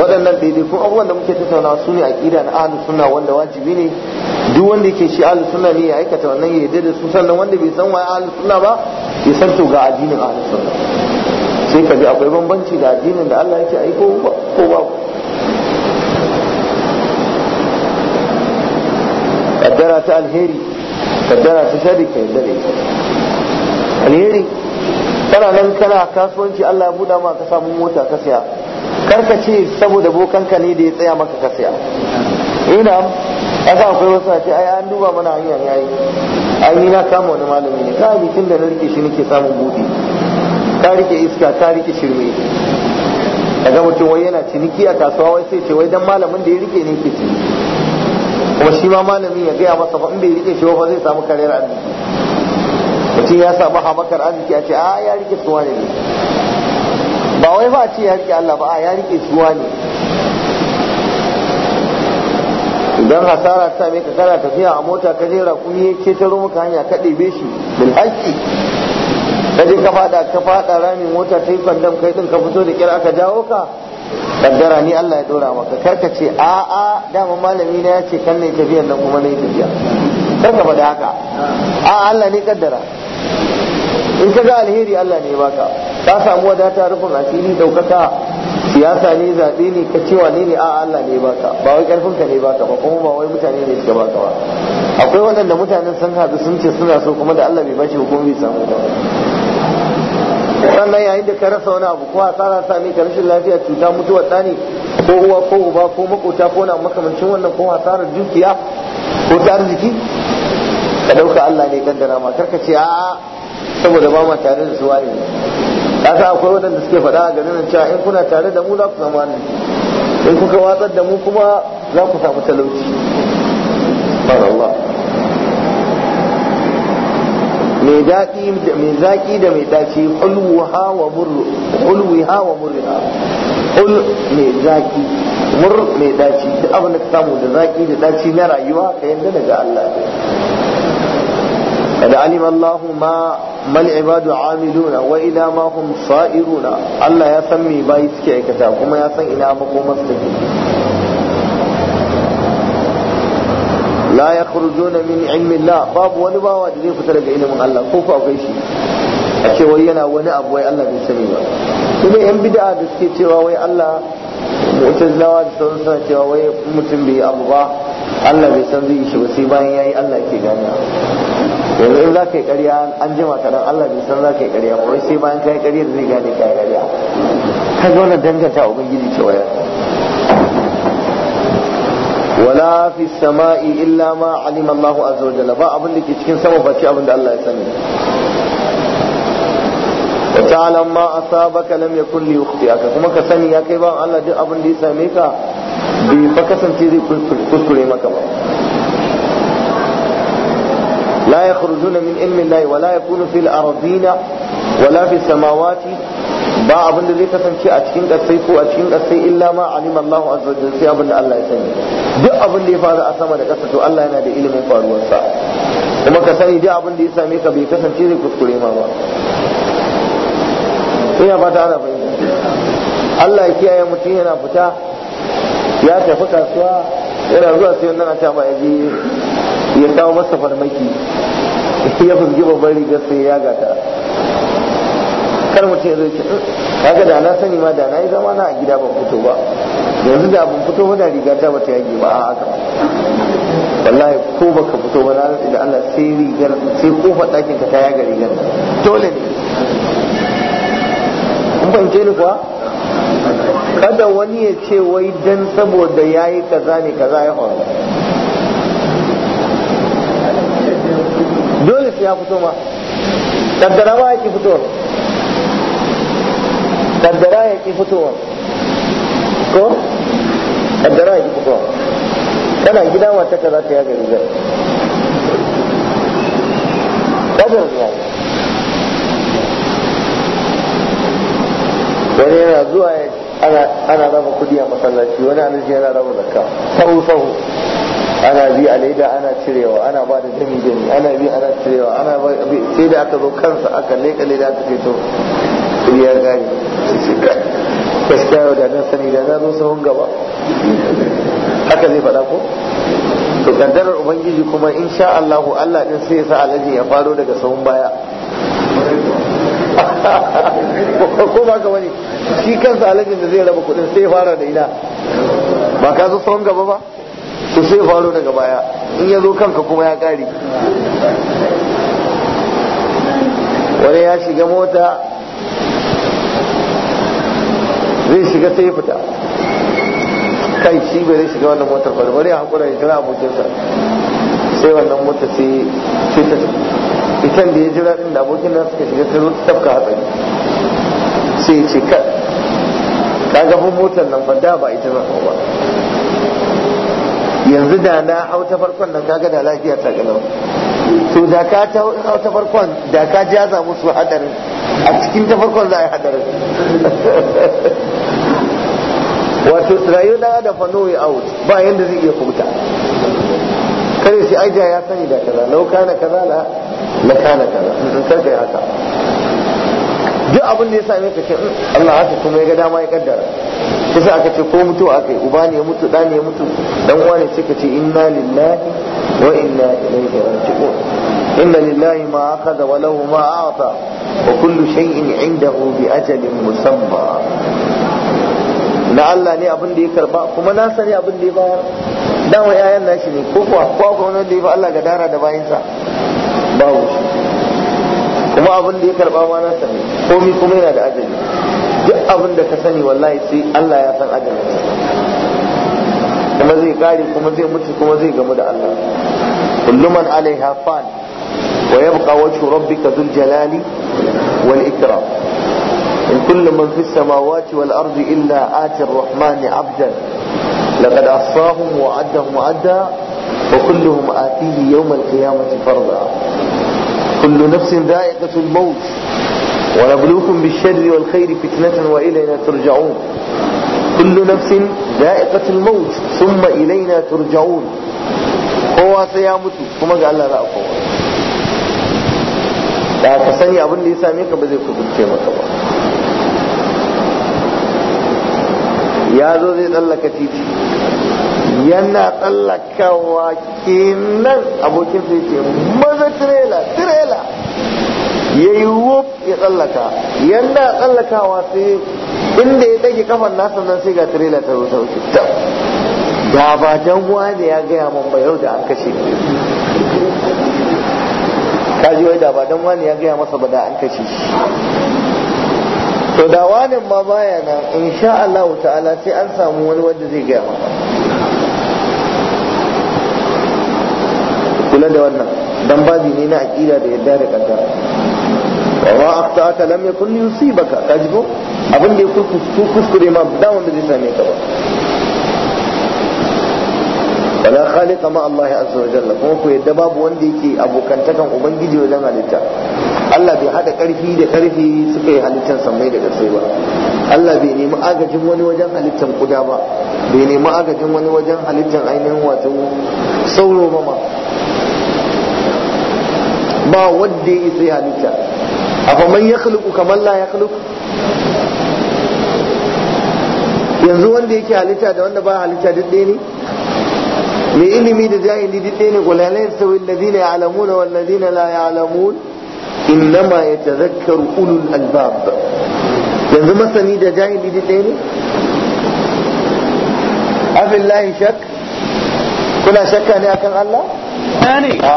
waɗannan daidai ko abubuwan da muke tattaunawa su ne aqida na ahlus sunna wanda wajibi ne duk wanda yake shi ahlus sunna ne ya aikata wannan ya yarda da su sannan wanda bai san wa ahlus sunna ba ya san to ga addinin ahlus sunna sai ka ji akwai bambanci da addinin da Allah yake aiko ko babu kaddara ta alheri kaddara ta shari ka yadda da ita alheri kana nan kana kasuwanci Allah ya buɗa ma ka mota ka saya kar ce saboda bokanka ne da ya tsaya maka ka saya ina eh, ga akwai wasu ce ai an duba mana hanyar yayi ai ni na kama wani malami ne ka bikin da na rike shi nake samun buɗe ta rike iska ta rike shirme daga mutum wai yana ciniki a kasuwa wai sai ce wai dan malamin da ya rike ne ke ciniki kuma shi ma malamin ya gaya masa in bai rike shi ba zai samu karyar arziki mutum ya samu hamakar arziki a ce a ah, ya rike suwa ne ba wai ba a ce ya rike Allah ba a ah, ya rike suwa ne idan hasara ta mai ka kana tafiya a mota ka jera kuma ya ketaro maka hanya ka ɗebe shi
bil haƙƙi
ka je ka fada ka fada ramin mota ta yi kwandam kai din ka fito da kira aka jawo ka kaddara ni Allah ya dora maka kar ka ce a a dama malami na ya ce kan ne tafiyar nan kuma ne tafiya kar ka faɗi haka a Allah ne kaddara in ka ga alheri Allah ne baka ka samu wadata rufin asiri daukaka siyasa ne zaɓe ne ka cewa ne ne a Allah ne baka ba wai karfin ka ne baka ba kuma ba wai mutane ne suka baka ba akwai waɗanda mutanen sun haɗu sun ce suna so kuma da Allah bai bashi hukumi samu ba sannan yayin da ka rasa wani abu kuma asara sami ka rashin lafiya cuta mutuwa tsani ko uwa ko uba ko makota ko na makamancin wannan ko asarar dukiya ko ta arziki ka dauka Allah ne dara ma karka ce a saboda ba ma tare da su waye ka sa akwai waɗanda suke faɗa a garin cewa in kuna tare da mu za ku samu arziki in kuka watsar da mu kuma za ku samu talauci Allah mai zaki da mai zaƙi da mai ɗaci wa mai mur mai abin da ka samu da zaki da ɗaci na rayuwa ka yadda daga Allah kada alim Allah ma mal ibadu amiluna wa ila ma sa'iruna Allah ya san me bayi suke aikata kuma ya san ina makomar su take la yakhrujuna min ilmi Allah babu wani bawa da zai fita daga ilimin Allah ko ko akwai shi a ce wai yana wani abu wai Allah bai sani ba kuma yan bid'a da suke cewa wai Allah ita zinawa da sauran suna cewa wai mutum bai abu ba Allah bai san zai shi ba sai bayan yayi Allah yake gani yanzu in za ka yi ƙarya an jima kaɗan Allah bai san za ka yi ƙarya ba wai sai bayan ka yi ƙarya da zai gane ka yi ƙarya ka zo na danganta ubangiji cewa ya wala sama'i illa ma alima Allah azza abin da ke cikin sama face abin da Allah ya sani wa ta'lam ma asabaka lam yakun li yukhti'aka kuma ka sani ya kai ba Allah duk abin da ya same ka bai fa kasance zai kuskure maka ba لا يخرجون من علم الله ولا يكون في الأرضين ولا في السماوات ba abin da zai kasance a cikin ƙasai ko a cikin kasai illa ma alim Allahu azza wa sai abin da Allah ya sani duk abin da ya faru a sama da ƙasa to Allah yana da ilimin faruwarsa kuma ka sani duk abin da ya same ka bai kasance zai kuskure ma ba ina fata ana fahimta Allah ya kiyaye mutum yana fita ya tafi kasuwa yana zuwa sai wannan a ta ba ya je ya kawo masa farmaki ya fusgi babban rigar sai ya gata kar mutum ya zai ce eh, kaga da na sani ma da na yi zama na a gida ban fito ba yanzu da ban fito ba da riga ta bata yage ba a haka wallahi ko baka fito ba na da Allah sai rigar sai kofar ɗakin ka ta yaga rigar dole ne ban fahimce ni kuwa kada wani ya ce wai dan saboda ya yi kaza ne kaza ya hawa dole sai ya fito ma kaddara ba ya ki fito kaddara ya ki fitowa ko kaddara ya ki fitowa kana gida wata ka za ta yaga rigar kadar ya wani yana zuwa ana raba kudi a masallaci wani alaji yana raba zakka sahu sahu ana bi a leda ana cirewa ana ba da jami jami ana bi ana cirewa ana sai da aka zo kansa aka leka leda aka ce to ya gani gaskiya yau da nan sani da na zo sahun gaba haka zai faɗa ko to kaddarar ubangiji kuma in sha Allah Allah din sai ya sa alaji ya faro daga sahun baya ko ba ka wani shi kansa alajin da zai raba kudin sai fara da ina ba ka zo sahun gaba ba to sai faro daga baya in ya zo kanka kuma ya kare wani ya shiga mota zai shiga ta ya fita kai shi bai zai shiga wannan motar ba bari a hakura ya jira abokinsa sai wannan mota sai sai ta ita da ya jira din da abokin da suka shiga sai ta tafka hatsari sai ya ce ka ka ga motar nan ba da ba ita zan hau ba yanzu da na hau ta farkon nan kaga da lafiya ta gano to da ka ta hau ta farkon da ka jaza musu hadarin a cikin ta farkon za a yi hadarin wato tsirayu dan adam fa no out ba yadda zai iya kubuta kare shi ajiya ya sani da kaza lau na kaza na la kana kaza mutum kar kai haka duk abin da ya same ka ce mm, Allah haka kuma ya ga dama ya kaddara kusa aka ce ko mutu aka yi uba ne ya mutu da ne ya mutu dan uwa ne sai ka ce inna lillahi wa inna ilaihi raji'un inna lillahi ma akhadha wa lahu ma a'ta wa kullu shay'in 'indahu bi ajalin musamma na Allah ne abin da ya karba kuma na sani abin da ya bayar dama yayan nashi ne ko kuwa ko akwai wani da ya fi Allah ga dara da bayansa babu shi kuma abin da ya karba ma na sani komi kuma yana da ajali duk abin da ka sani wallahi sai Allah ya san ajalin kuma zai kare kuma zai mutu kuma zai gamu da Allah kulluman alaiha fan wa yabqa wajhu rabbika dhul jalali wal ikram إن كل من في السماوات والأرض إلا آتي الرحمن عبدا لقد عصاهم وعدهم عدا وكلهم آتيه يوم القيامة فرضا كل نفس ذائقة الموت ونبلوكم بالشر والخير فتنة وإلينا ترجعون كل نفس ذائقة الموت ثم إلينا ترجعون هو سيامت ya قال لا لا Allah za a kowa ساميك بذيك sani abin ya zo zai tsallaka titi yana tsallakawa kenan abokin sai ce maza tirela tirela ya yi wuf ya tsallaka yana tsallakawa sai inda ya ɗage kafan nasa nan sai ga tirela ta rusa wuce da ba dan da ya gaya mun ba yau da an kashe kaji wai da ba dan wani ya gaya masa ba da an kashe shi to da wani ma baya nan sha Allah ta'ala sai an samu wani wanda zai gaya maka kula da wannan dan bazi ne na aqida da yadda da kaddara wa ma aqta'aka lam yakun yusibaka kaji ko abin da ya kuskure ma da wanda zai same ka ba wala khaliqa ma Allah azza wa jalla kuma ku yadda babu wanda yake abokantakan ubangiji wajen halitta Allah bai hada karfi da karfi suka yi halittar samai da ƙarshe ba Allah bai nemi agajin wani wajen halittar kuda ba bai nemi agajin wani wajen halittar ainihin wato sauro ba ma ba wanda ya isa halitta abu man ya khluqu kamar la ya khluqu yanzu wanda yake halitta da wanda ba halitta duk ɗaya ne mai ilimi da jahili duk ɗaya ne da zina ya alamu da wal zina la alamu. innama ya tazakkaru ulul albab yanzu masani da jahili da ɗaya ne abin lahi shak kuna shakka ne akan Allah? ne a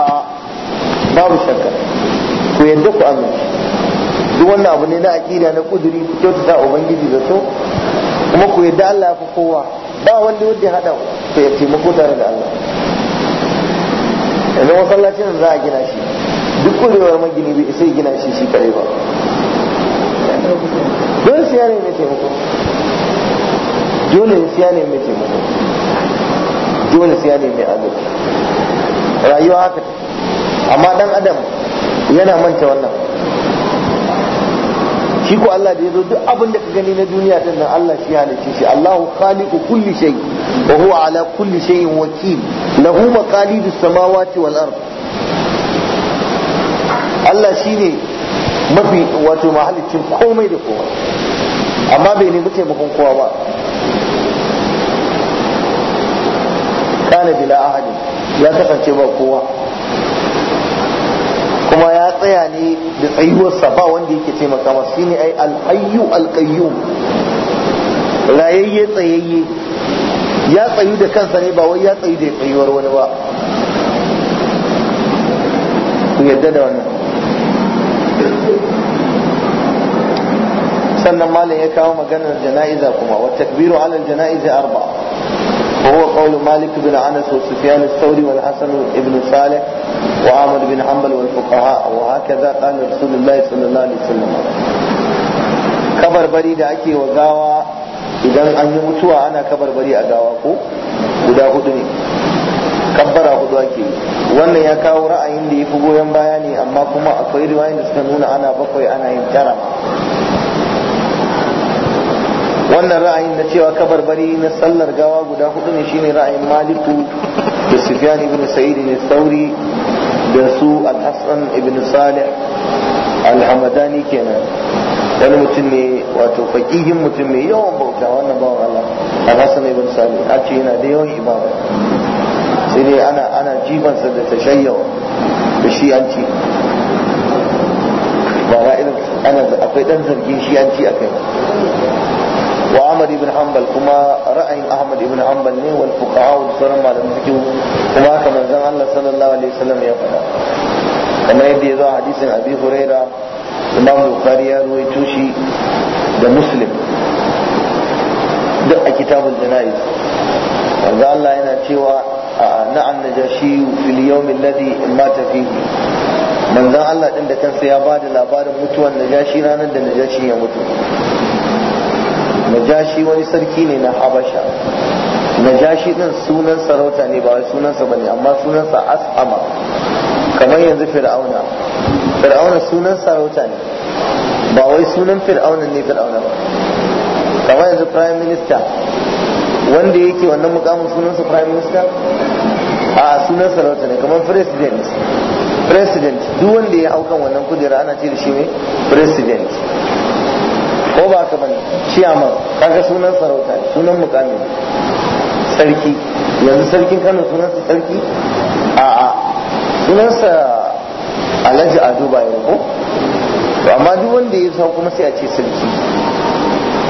babu shakka ku yadda ku amince duk wannan abu ne na aƙida na kuduri ku kyautata ubangiji da so kuma ku yadda Allah ya fi kowa ba wanda wanda ya haɗa ku ya taimako tare da Allah yanzu masallacin za a gina shi kurewar magini bai sai gina shi shi kare ba dole siya ne mai taimako dole siya ne mai taimako dole siya ne mai agaji rayuwa haka amma dan adam yana manta wannan shi ko Allah da ya zo duk abin da ka gani na duniya din nan Allah shi halicce shi Allahu khaliqu kulli shay wa huwa ala kulli shay'in wakil lahu maqalidus samawati wal ardh Allah shi ne mafi wato mahalicin komai da kowa amma bai nemi taimakon kowa ba kana bila ahadi ya kasance ba kowa kuma ya tsaya ne da tsayuwarsa ba wanda yake taimaka masa ne ai alhayyu alqayyum rayayye tsayayye ya tsayu da kansa ne ba wai ya tsayu da tsayuwar wani ba ku yadda da wannan sannan malam ya kawo maganar jana'iza kuma wa takbiru ala jana'iza arba bin وهو قول مالك بن انس وسفيان الثوري والحسن بن صالح وعامر بن حنبل والفقهاء وهكذا قال رسول الله صلى الله عليه kabar bari da ake wa gawa idan an yi mutuwa ana kabar bari a gawa ko guda hudu ne kabbara hudu ake yi wannan ya kawo ra'ayin da ya fi goyon baya ne amma kuma akwai riwayoyin da suka nuna ana bakwai ana yin tara wannan ra'ayin na cewa kabarbari na sallar gawa guda hudu ne shine ra'ayin maliku da sufyan ibn sa'id ne sauri da su al-hasan ibn salih al-hamadani kenan wani mutum ne wato faƙihin mutum mai yawan bauta wannan bawan Allah al-hasan ibn salih a ce yana da yawan ibada sai dai ana ana jibansa da tashayyawa da ci ba ra'ayin ana akwai dan zargin shi an a kai wa Ahmad ibn Hanbal kuma ra'ayin Ahmad ibn hambal ne wal fuqaha wal sauran malamin fiqh kuma haka manzon Allah sallallahu alaihi wasallam ya faɗa kamar yadda ya zo a hadisin Abi Huraira Imam Bukhari ya ruwaito shi da Muslim duk a kitabul janayiz manzon Allah yana cewa na annajashi fil yawm alladhi mata fihi manzon Allah din da kansa ya bada labarin mutuwan najashi ranar da najashi ya mutu najashi wani sarki ne na habasha najashi din sunan sarauta ne ba wai sunansa bane amma sunansa as'ama kamar yanzu fir'auna fir'auna sunan sarauta ne ba wai sunan fir'auna ne fir'auna ba kamar yanzu prime minister wanda yake wannan mukamin sunansa prime minister a sunan sarauta ne kamar president president duk wanda ya hau kan wannan kujera ana ce da shi ne president ko ba ka bane ciyaman kaga sunan sarauta sunan mukami sarki yanzu sarkin Kano sunansa sarki a a sunansa Alhaji Ado ba ko to amma duk wanda ya sa kuma sai a ce sarki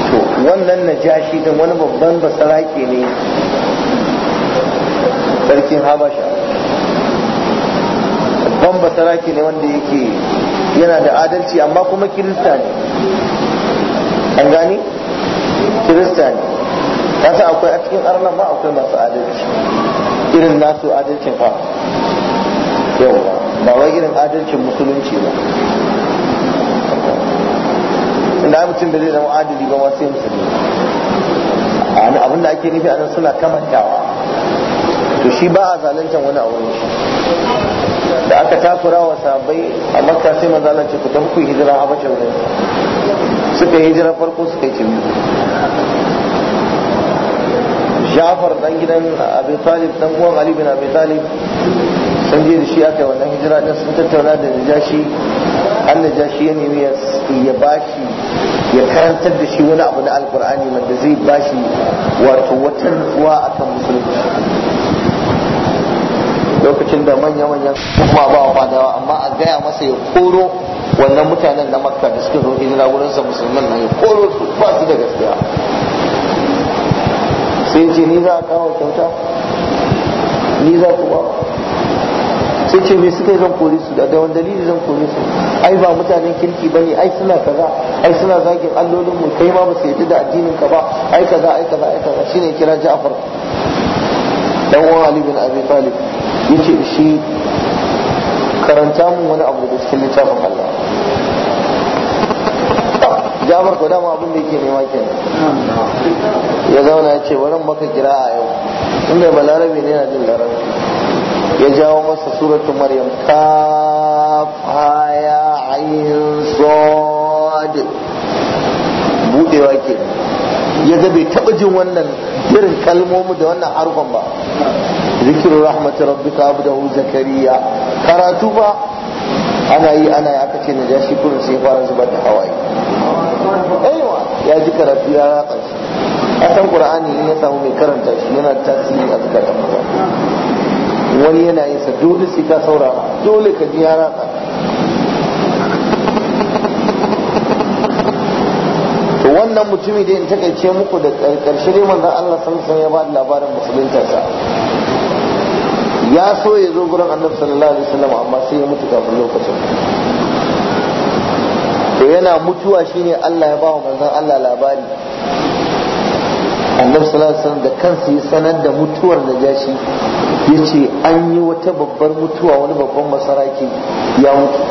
to wannan najashi din wani babban basarake ne sarkin Habasha babban basarake ne wanda yake yana da adalci amma kuma kirista ne an gani kirista ne kasa akwai a cikin arnan ba akwai masu adalci irin nasu adalcin fa yau ba wai irin adalcin musulunci ba inda mutum da zai zama adali ba wasu musulmi abin da ake nufi a nan suna kamantawa to shi ba a zalantar wani a wurin shi da aka takura wa sabai a makka sai manzalar ce ku tafi ku hijira a bacin wurin suka yi hijira farko suka yi cinye Jafar dan gidan abin Talib dan uwan Ali bin Abi Talib sun je da shi aka yi wannan hijira din sun tattauna da Najashi an Najashi ya nemi ya bashi ya karantar da shi wani abu na Alkur'ani wanda zai bashi wato wata ruwa akan musulunci lokacin da manya-manyan kuma ba wa fadawa amma a gaya masa ya koro wannan mutanen na makka da suka zo hijira wurinsa musulman na ya koro su ba su da gaskiya sai ce ni za a kawo kyauta ni za ku ba sai ce me suka yi zan kore su da wani dalili zan kore su ai ba mutanen kirki bane ai suna kaza ai suna zagin allolin mu kai ma ba su yadda da addinin ka ba ai kaza ai kaza ai kaza shine kira Ja'far dan uwan Ali bin Abi Talib yace shi karanta mun wani abu da cikin littafin Allah Jabar ko dama abin da yake nema kenan ya zauna ya ce bari maka kira a yau in bai balarabe ne yana jin larabci ya jawo masa suratu maryam kaf haya ayin sod budewa ke. ya ga bai taba jin wannan irin kalmomi da wannan harkon ba zikirin rahmatin rabbika abdahu zakariya karatu ba ana yi ana yi aka ce na ja shi kurin sai fara zubar da hawaye aiwa ya ji karatu ya raka shi a san qur'ani ne ya samu mai karanta shi yana tasiri a zukatan maza wani yana yin sa dole sai ka saurara dole ka ji ya raka wannan mutumi dai in takaice muku da karshe dai manzon Allah sallallahu alaihi ya ba labarin musuluntarsa ya so ya zo gurin annabi sallallahu alaihi wasallam amma sai ya mutu kafin lokacin to yana mutuwa shine Allah ya ba wa manzon Allah labari annabi sallallahu alaihi wasallam da kansa ya sanar da mutuwar najashi yace an yi wata babbar mutuwa wani babban masaraki ya mutu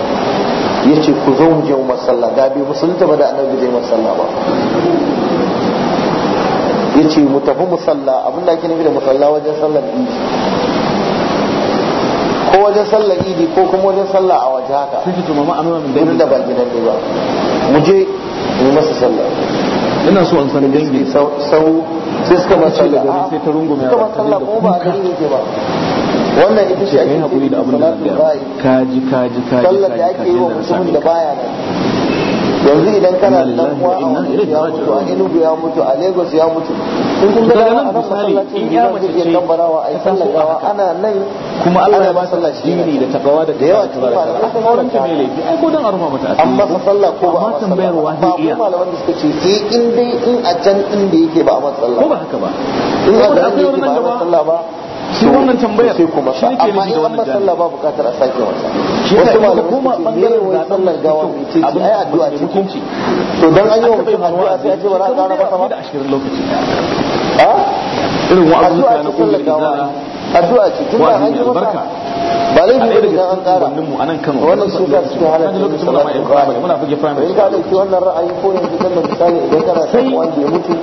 ya ce ku zo mu je mu masalla da bai musulunta ba da annabi zai masalla ba ya ce mu tafi musalla abin da ake nufi da musalla wajen sallar idi ko wajen sallar idi ko kuma wajen sallar a waje haka wurin da ba gidan ne ba mu je mu masa sallah
ina so an san
dangi sau sai suka ba sai ta rungume ba sallah ko ba gari ba wannan ita ce ake hakuri da abin da kaji kaji kaji sallar da ake yi wa yanzu idan kana da dan uwa a ya mutu a Enugu ya mutu a Lagos ya mutu in kun nan in ya ai sallar ana nan kuma Allah ya ba shi da da da yawa ta mele ai ko dan mata ko ba amma tambayar da suka ce eh, in dai in a can din da yake ba a masa ko ba ba a ba shi wannan tambayar sai kuma shi nake nufi da wannan sallah ba bukatar a sake wasa shi yasa kuma kuma
bangaren da
sallar gawa mai ce ai addu'a ce hukunci to dan an yi wa mutum addu'a sai a ce ba za a ƙara da 20 lokaci a irin wa'azin na kullu da addu'a ce tun da an yi masa ba laifi ne daga an kara mu anan Kano wannan su ka cikin halin lokacin da mai primary muna primary in ka dauki wannan ra'ayi ko yanzu kan misali idan kana san wanda ya mutu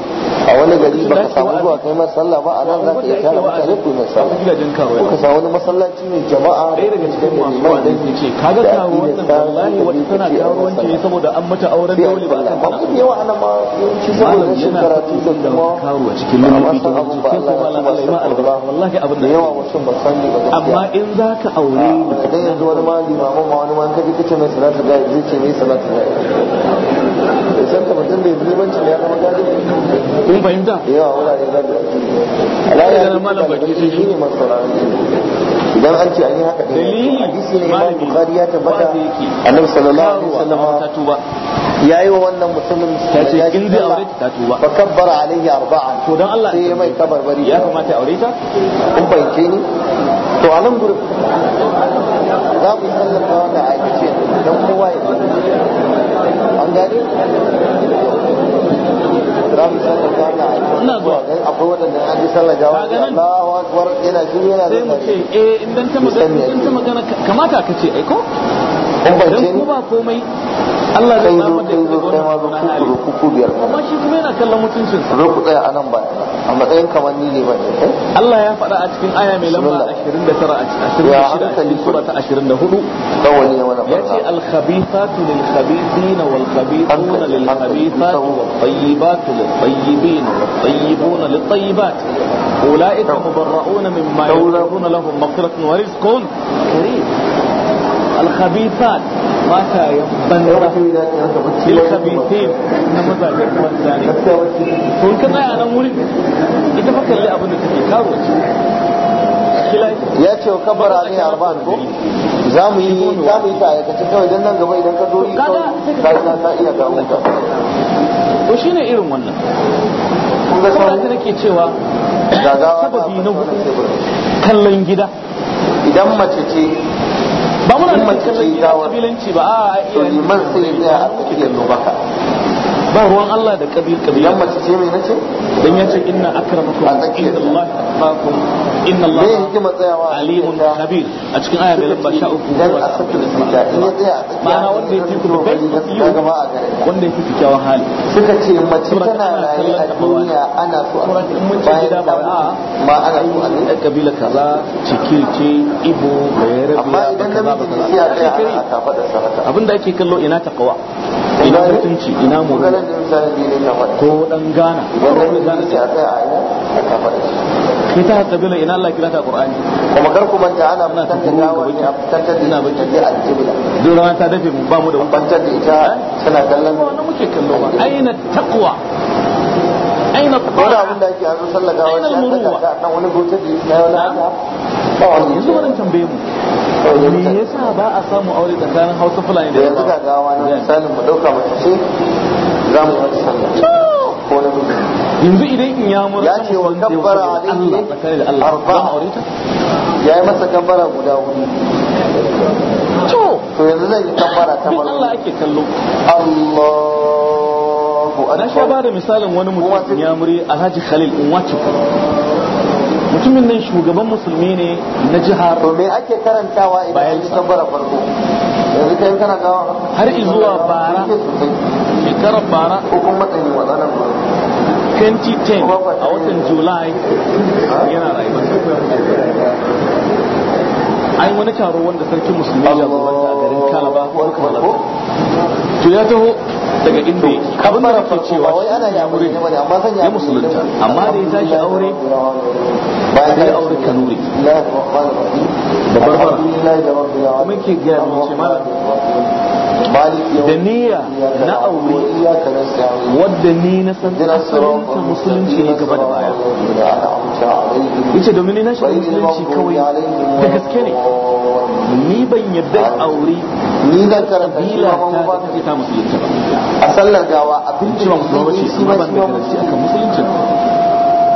a wani gari baka samu zuwa kai masa sallah ba anan zaka iya tara mutane ku mai sallah ko ka samu wani masallaci mai jama'a ɗaya daga cikin masu da yake kaga karo wannan wallahi wani tana karuwanci ne saboda an mata auren dole ba ba kuma yawa anan ma yawanci saboda rashin karatu da a cikin lullubi da cikin kuma Allah ya ma albarka wallahi abin da yawa wasu ba san ba amma in za za ka aure ni ah, idan yanzu wani ma limamin ma wani ma an kaji kace mai salatu ga zai ce mai salatu ga bai san ka mutum bai limancin ya kama gadi kun fahimta yawa wurare gadi alaƙa da malam baki sun shi ne masu idan an ce an yi haka dalili hadisi ne imam bukhari ya tabbata annabi sallallahu alaihi wasallam ya yi wa wannan mutumin ta ce in zai aure ta tuba fa kabbara alaihi arba'a to dan Allah sai mai kabarbari ya kamata aure ta kun bayyance ni to a nan gurin za ku sallama wannan ce dan kowa ya an gane ina zuwa akwai waɗanda an ji sallar gawa Allahu akbar yana shiru yana zai mu ce eh in dan ta magana kamata ka ce ai ko dan ko ba komai Allah da yi zo kai zo kai ma zo kuku zo kuku biyar amma shi kuma yana kallon mutuncin sa zo ku tsaya a nan ba a matsayin kamar ni ne ba Allah ya faɗa a cikin aya mai lamba 29 a cikin 26 sura ta 24 kawai ne wannan yace al khabithatu lil khabithina wal khabithuna lil khabithati wat tayyibatu lit tayyibin wat tayyibuna lit tayyibat أولئك مبرؤون مما يقولون لهم مغفرة ورزق كريم الخبيثات kamata ya bandara ka tsaya nan wurin ita fa kalli ya ce arba'an ko za mu yi za mu yi ta aikace kawai nan gaba idan ka zo yi kawai ka ka iya ga wuta irin wannan kun ga ta nake cewa sababi na kallon gida idan mace ce ba muna da kabilanci ba a to liman sai ya a tsakiyar lubaka ba ruwan Allah da kabil kabilan mace ce mai nace dan yace inna akramakum indallahi atqakum inna Allah bai hikima tsayawa alimun kabir a cikin aya mai lamba 13 dan asabtu da fita in ya tsaya ma na wanda yake kuma bai ga gama a gare wanda yake kikkiawan hali suka ce mace tana raye a duniya ana so a in mun ba ma ana so a ne kabila kaza cikil ce ibo bayar amma idan da mutum ya tsaya ana kafa da sarata abinda ake kallo ina takawa ina mutunci ina murna ko dan gana ko dan gana sai a tsaya a kafa da kita sabila ina Allah kira ta Qur'ani kuma kar ku manta ana muna tantance wani tantance ina bin tafi al-qibla Dole ran ta dafe mu ba mu da bantar da ita eh? tana kallon wannan muke kallo ba aina taqwa aina taqwa wala abin da yake hazo sallah ga wani nan wani gote da ya wala haka ba wani yanzu wannan tambaye mu me yasa ba a samu aure tsakanin Hausa Fulani da yanzu ga gawa na misalin mu dauka mace ce za mu yi sallah ko na mutum yanzu idan in ya mura ya ce wa kabbara alaihi arba ya yi masa kabbara guda hudu
to to yanzu zai yi kabbara ta mara Allah
ake kallo Allahu akbar na sha ba da misalin wani mutum ya muri Alhaji Khalil in Unwachuku mutumin nan shugaban musulmi ne na jihar to me ake karantawa idan an yi kabbara farko yanzu kai kana gawa har izuwa bara shekarar bara ko kuma matsayin matsalar 2010 a watan july yana rayuwa an wani taro wanda sarkin musulmi ya jagoranta a garin kalaba to ya taho daga inda abin da ke cewa ana ya mure ya musulunta amma da ya tashi aure ba ya aure kanuri da barbara kuma ke gaya mace mara da niyya na aure wadda ni na san asalinsa musulunci ne gaba da baya yace domin ni na shi musulunci kawai da gaske ne ni ban yadda aure ni na karanta shi ta musulunci ba sallar gawa abinci ba musulunci ba ban da karanci akan ba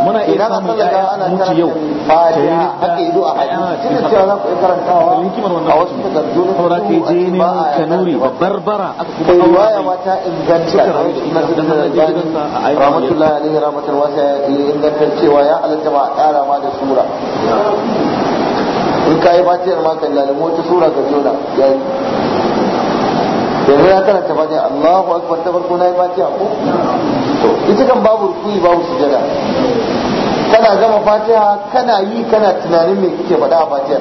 muna iya samun ana mutu yau fariya haka ido a hadisi tunda cewa za ku iya karantawa a wasu takardu na saura ke je ne kanuri barbara aka kuma riwaya ma da inganta a rahmatullahi alaihi rahmatul wasa ya inganta cewa ya halatta ba a ƙara ma da sura in kayi fatiyar ma kan lalimo ta sura ga jona ya yi yanzu ya karanta fatiha Allahu akbar ta farko na yi fatiha ko to ita kan babu rukuyi babu sujada kana gama fatiha kana yi kana tunanin mai kike faɗa a fatiha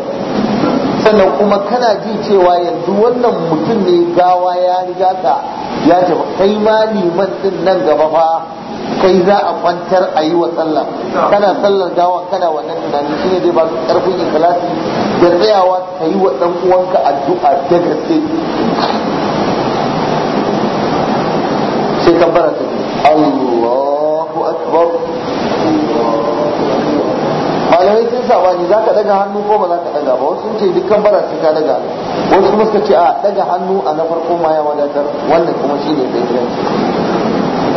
sannan kuma kana ji cewa yanzu wannan mutum ne gawa ya riga ka ya ce kai ma liman din nan gaba fa kai za a kwantar a yi wa sallah kana sallar gawa kana wannan tunanin shine dai ba karfin ikhlasi da tsayawa ka yi wa dan uwanka addu'a da gaske sai ka fara ta Allahu akbar malamai sun sabani za ka daga hannu ko ba za ka daga ba wasu sun ce dukkan bara sun ka daga wasu kuma suka ce a daga hannu a na farko ma ya wadatar wannan kuma shi ne zai gidan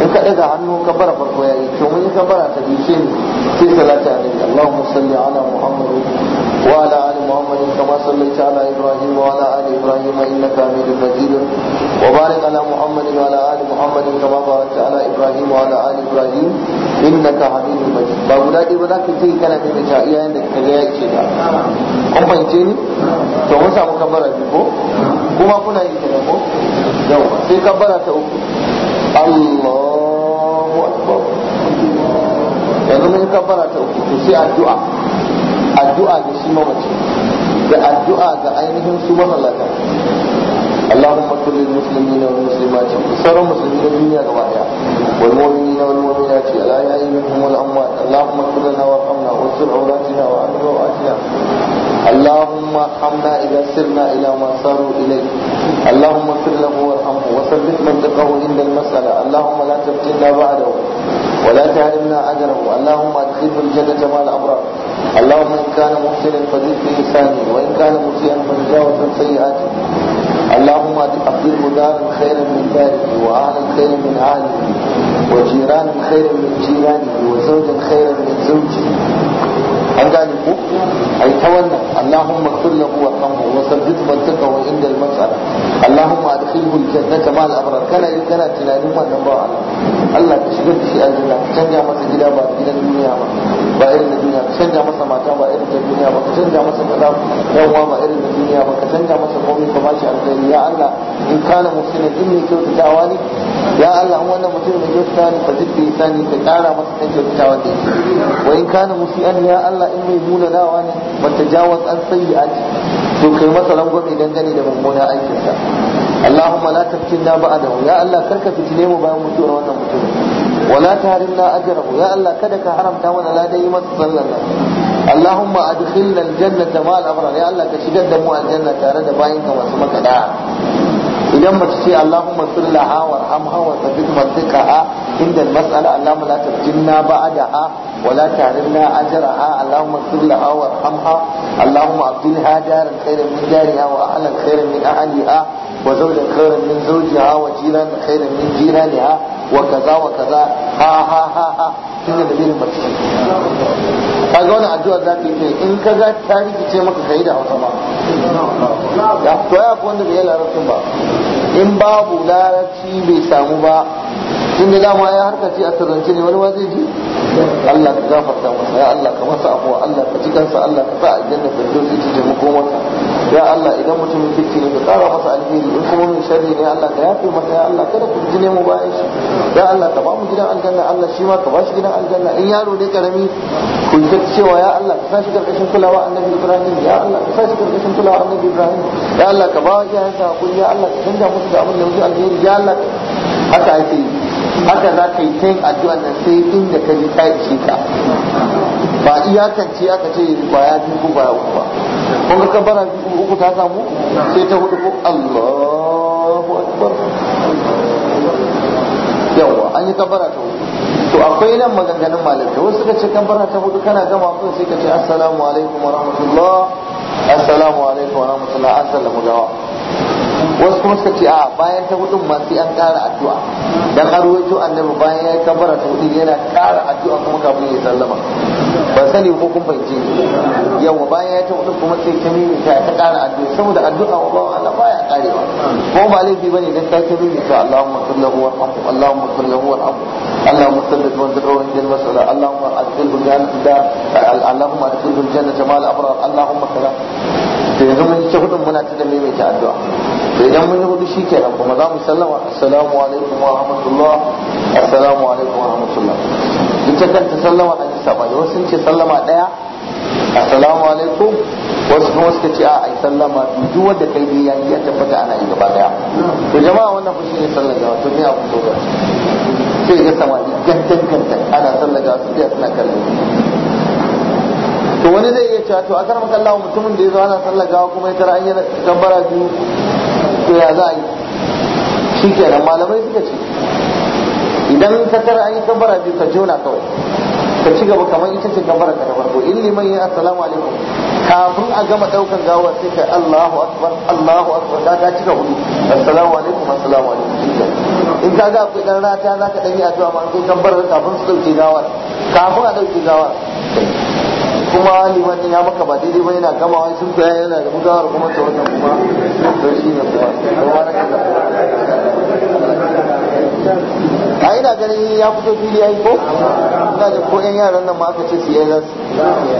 in ka daga hannu ka bara farko ya yi to mun yi ka bara ta ne sai salata a daga Allahu salli ala Muhammad wa ala ali Muhammad kama sallaita ala Ibrahim wa ala ali Ibrahim innaka Hamidum Majid wa barik ala Muhammad wa ala ali Muhammad kama barakta ala Ibrahim wa ala ali Ibrahim na Hamidum da ba guda ɗaya ba za ka ce kana da ta iya da ka ga yake ba ka kun fahimce ni to mun samu kabbara biyu ko kuma kuna yi da ko yau sai kabbara ta uku Allahu akbar yanzu mun kabbara ta uku to sai addu'a addu'a ga shi mamaci da addu'a ga ainihin su mahalaka اللهم اغفر للمسلمين والمسلمات سر المسلمين الدنيا جماعة والمؤمنين والمؤمنات الأحياء منهم والأموات اللهم اغفر لنا وارحمنا واستر عوراتنا وأمن روعاتنا اللهم ارحمنا إذا سرنا إلى ما ساروا إليه اللهم اغفر له وارحمه وثبت منطقه عند المسألة اللهم لا تفتنا بعده ولا تهرمنا أجره اللهم أدخله الجنة مع الأبرار اللهم إن كان محسنا فزد في لسانه وإن كان مسيئا فتجاوز عن سيئاته اللهم أقدره دارا خيرا من داره وأهلا خيرا من أهله وجيرانا خيرا من جيرانه وزوجا خيرا من زوجه an gane ko ai ta wannan allahumma ighfir lahu warhamhu wa saddid mantaqahu inda al kana yin kana tunanin wannan ba Allah ka da shi canja masa gida ba duniya ba ba irin duniya canja masa mata ba irin duniya ba canja masa kaza yan uwa ba irin duniya ba ka canja masa komai ka bashi ya Allah in kana ne ya Allah in wannan mutum ne ka jibbe sani ka kara masa kan kyautatawa ne wa in kana ya Allah in mai munanawa ne wata jawaz an sayi aji to kai masa rangwame dangane da mummuna aikinsa Allahumma la tafkinna ba'dahu ya Allah karka fitile mu bayan mutuwar wannan mutum wala tarimna ajrahu ya Allah kada ka haramta mana ladai masa sallan nan Allahumma adkhilna aljannata ma al-abrar ya Allah ka shigar da mu aljanna tare da bayinka masu makada idan mace ce Allahumma sullaha ha wa thabbit martiqaha inda masala Allahumma la tafjinna ha wa la tarinna ha Allahumma wa warhamha Allahumma abdil hadar khairan min dariha wa ahlan khairan min ahliha wa zawjan khairan min zawjiha wa jiran khairan min jiraniha wa kaza wa kaza ha ha ha ha inda da bin mace kaga wannan addu'a za yi in kaza ta rikice maka kai da Hausa ba to ya wanda bai yi ba in babu larabci bai samu ba tun da dama ya harka ci a sirrance ne wani ma zai ji Allah ka gafarta masa ya Allah ka masa afuwa Allah ka cikansa Allah ka sa aljanna firdausi ta taimako masa ya Allah idan mutum ya kirki ne ka kara masa alheri in kuma mun sharri ne Allah ka yafe masa ya Allah kada ku ne mu bayan shi ya Allah ka ba mu gidan aljanna Allah shi ma ka ba shi gidan aljanna in yaro ne karami ku ji cewa ya Allah ka sashi karkashin kulawa annabi Ibrahim ya Allah ka sashi karkashin kulawa annabi Ibrahim ya Allah ka ba sa ku ya Allah ka canja musu da abin da muke alheri ya Allah haka ake haka za ka yi ta yin addu'a nan sai inda ka ji ta ishe ka ba iyakance aka ce kwaya biyu ko ba ya ba kun ga kabara biyu uku ta samu sai ta hudu ko Allahu akbar yawa an yi kabara ta hudu to akwai nan maganganun malamta wasu ka ce kabara ta hudu kana gama kun sai ka ce assalamu alaikum wa rahmatullah assalamu alaikum wa rahmatullah an sallama gawa wasu kuma suka ce a bayan ta hudun ma sai an ƙara addu'a dan an ruwaito annabi bayan ya kabbara ta hudun yana ƙara addu'a kuma kafin ya sallama ban sani ko kun fahimce yawa bayan ya ta hudun kuma sai ta nemi ta ta ƙara addu'a saboda addu'a wa bawan Allah baya ƙarewa ko ba laifi bane dan ta ta mimi ta Allahumma sallahu wa rahmu Allahumma sallahu wa rahmu Allahumma sallallahu wa rahmu Allahumma sallallahu Allahumma adkhilhu jannata Allahumma adkhilhu jannata ma'al abrar Allahumma sallallahu to yanzu mun ci hudun muna ta da maimaita addu'a to idan mun yi hudu shikenan kuma za mu sallama assalamu alaikum wa rahmatullah assalamu alaikum wa rahmatullah ita kanta sallama a ji saba yau sun ce sallama daya assalamu alaikum wasu kuma suka ce a ai sallama duk wanda kai ne ya tabbata ana yi gaba daya to jama'a wannan ku shine sallar jama'a to me abu to sai ga samari gantan gantan ana sallar jama'a su suna kallon to wani zai iya cewa to a karamar kallawa mutumin da ya zo ana sallar gawa kuma ya tara an yi gambara biyu to ya za a yi shi kenan malamai suka ce idan ka tara an yi gambara biyu ka jona kawai ka ci gaba kamar ita ce gambara ka ta farko in liman yi assalamu alaikum kafin a gama daukan gawar sai ka Allahu akbar Allahu akbar da ka cika hudu assalamu alaikum assalamu alaikum in ka ga akwai dan rata ka dan yi addu'a ma kai gambara kafin su dauke gawar kafin a dauke gawar kuma liman ya maka ba daidai ba yana kama wani sun koya yana da da kuma ta nan kuma don shi ne kuma a ina ganin ya fito fili ya yi ko ina da ko yan yaran nan ma aka ce su yi zasu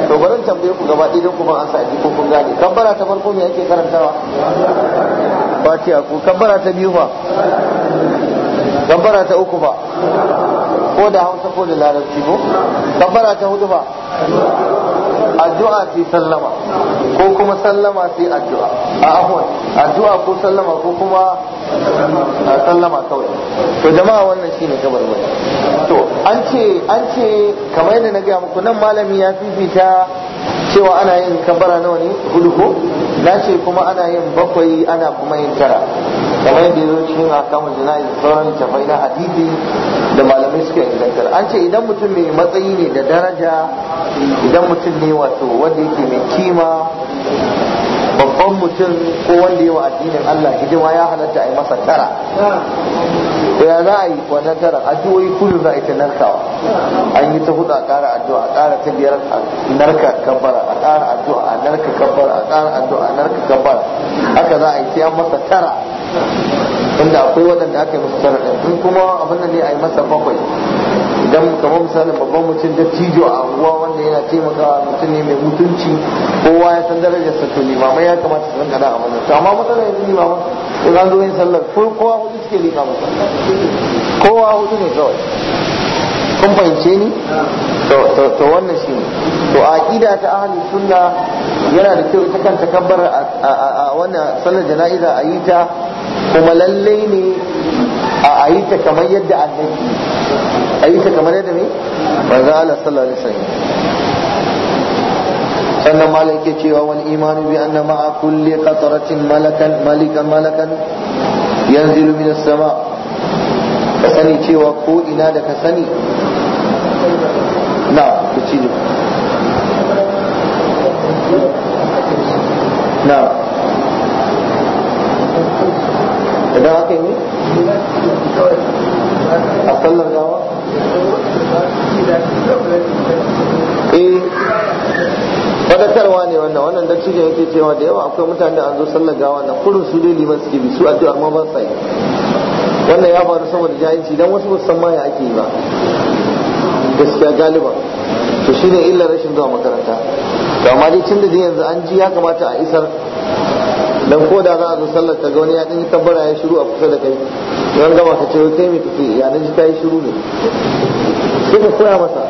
to barin tambaye ku gaba daidai kuma an sa ko kun gane kabbara ta farko me yake karantawa ce ku kabbara ta biyu ba kabbara ta uku ba ko da hausa ko da larabci ko kabbara ta hudu ba addu'a sai sallama ko kuma sallama sai addu'a a ahon addu'a ko sallama ko kuma sallama kawai to jama'a wannan shine gabar to an ce an ce kamar yadda na gaya muku nan malami ya fifita cewa ana yin kabara nawa ne hudu ko na ce kuma ana yin bakwai ana kuma yin tara kamar da ya zo cikin akamun jana'i da sauran tafai na hadisi da malamai suke ingantar an ce idan mutum mai matsayi ne da daraja idan mutum ne wato wanda yake mai kima babban mutum ko wanda yawa addinin Allah hidima ya halatta a yi masa tara ya za a yi kwanan tara addu'o'i kullu za a yi tanarkawa an yi ta hudu a ƙara addu'a a ƙara ta biyar a narka kabbara a ƙara addu'a a narka kabbara a ƙara addu'a a narka kabbara haka za a yi sai an masa tara inda akwai waɗanda aka yi masa tara ɗin in kuma abin da ne a yi masa bakwai idan kamar misali babban mutum da tijo a unguwa wanda yana taimakawa mutum ne mai mutunci kowa ya san sa to limamai ya kamata su rinka da a mazan to amma matsalar yanzu limamai in an zo yin sallar kowa hudu suke masa kowa hudu ne kawai kun fahimce ni to wannan shi to a aqida ta ahli sunna yana da kyau ita kanta kabbar a wannan sallar jana'iza a yi ta kuma lalle ne a yi ta kamar yadda annabi a yi ta kamar yadda ne manzo Allah sallallahu alaihi wasallam sannan malam ke cewa wani imanu bi anna ma'a kulli qatratin malakan malikan malakan yanzilu min as-sama ka sani cewa ko ina da ka sani na ku ci na idan haka yi a sallar gawa eh fadakarwa ne wannan wannan dan cikin yake cewa da yawa akwai mutane an zo sallar gawa na kurin su dai liman suke bi su addu'a ma ba sa yi wannan ya faru saboda jahilci dan wasu ba san ya ake yi ba gaskiya Galiba to shine illar rashin zuwa makaranta to amma dai tun da yanzu an ji ya kamata a isar dan ko da za a zo sallar ta ga wani ya dan yi tabbara ya shiru a kusa da kai yan gama ka ce kai mai tafi ya ji ta yi shiru ne sai ka koya masa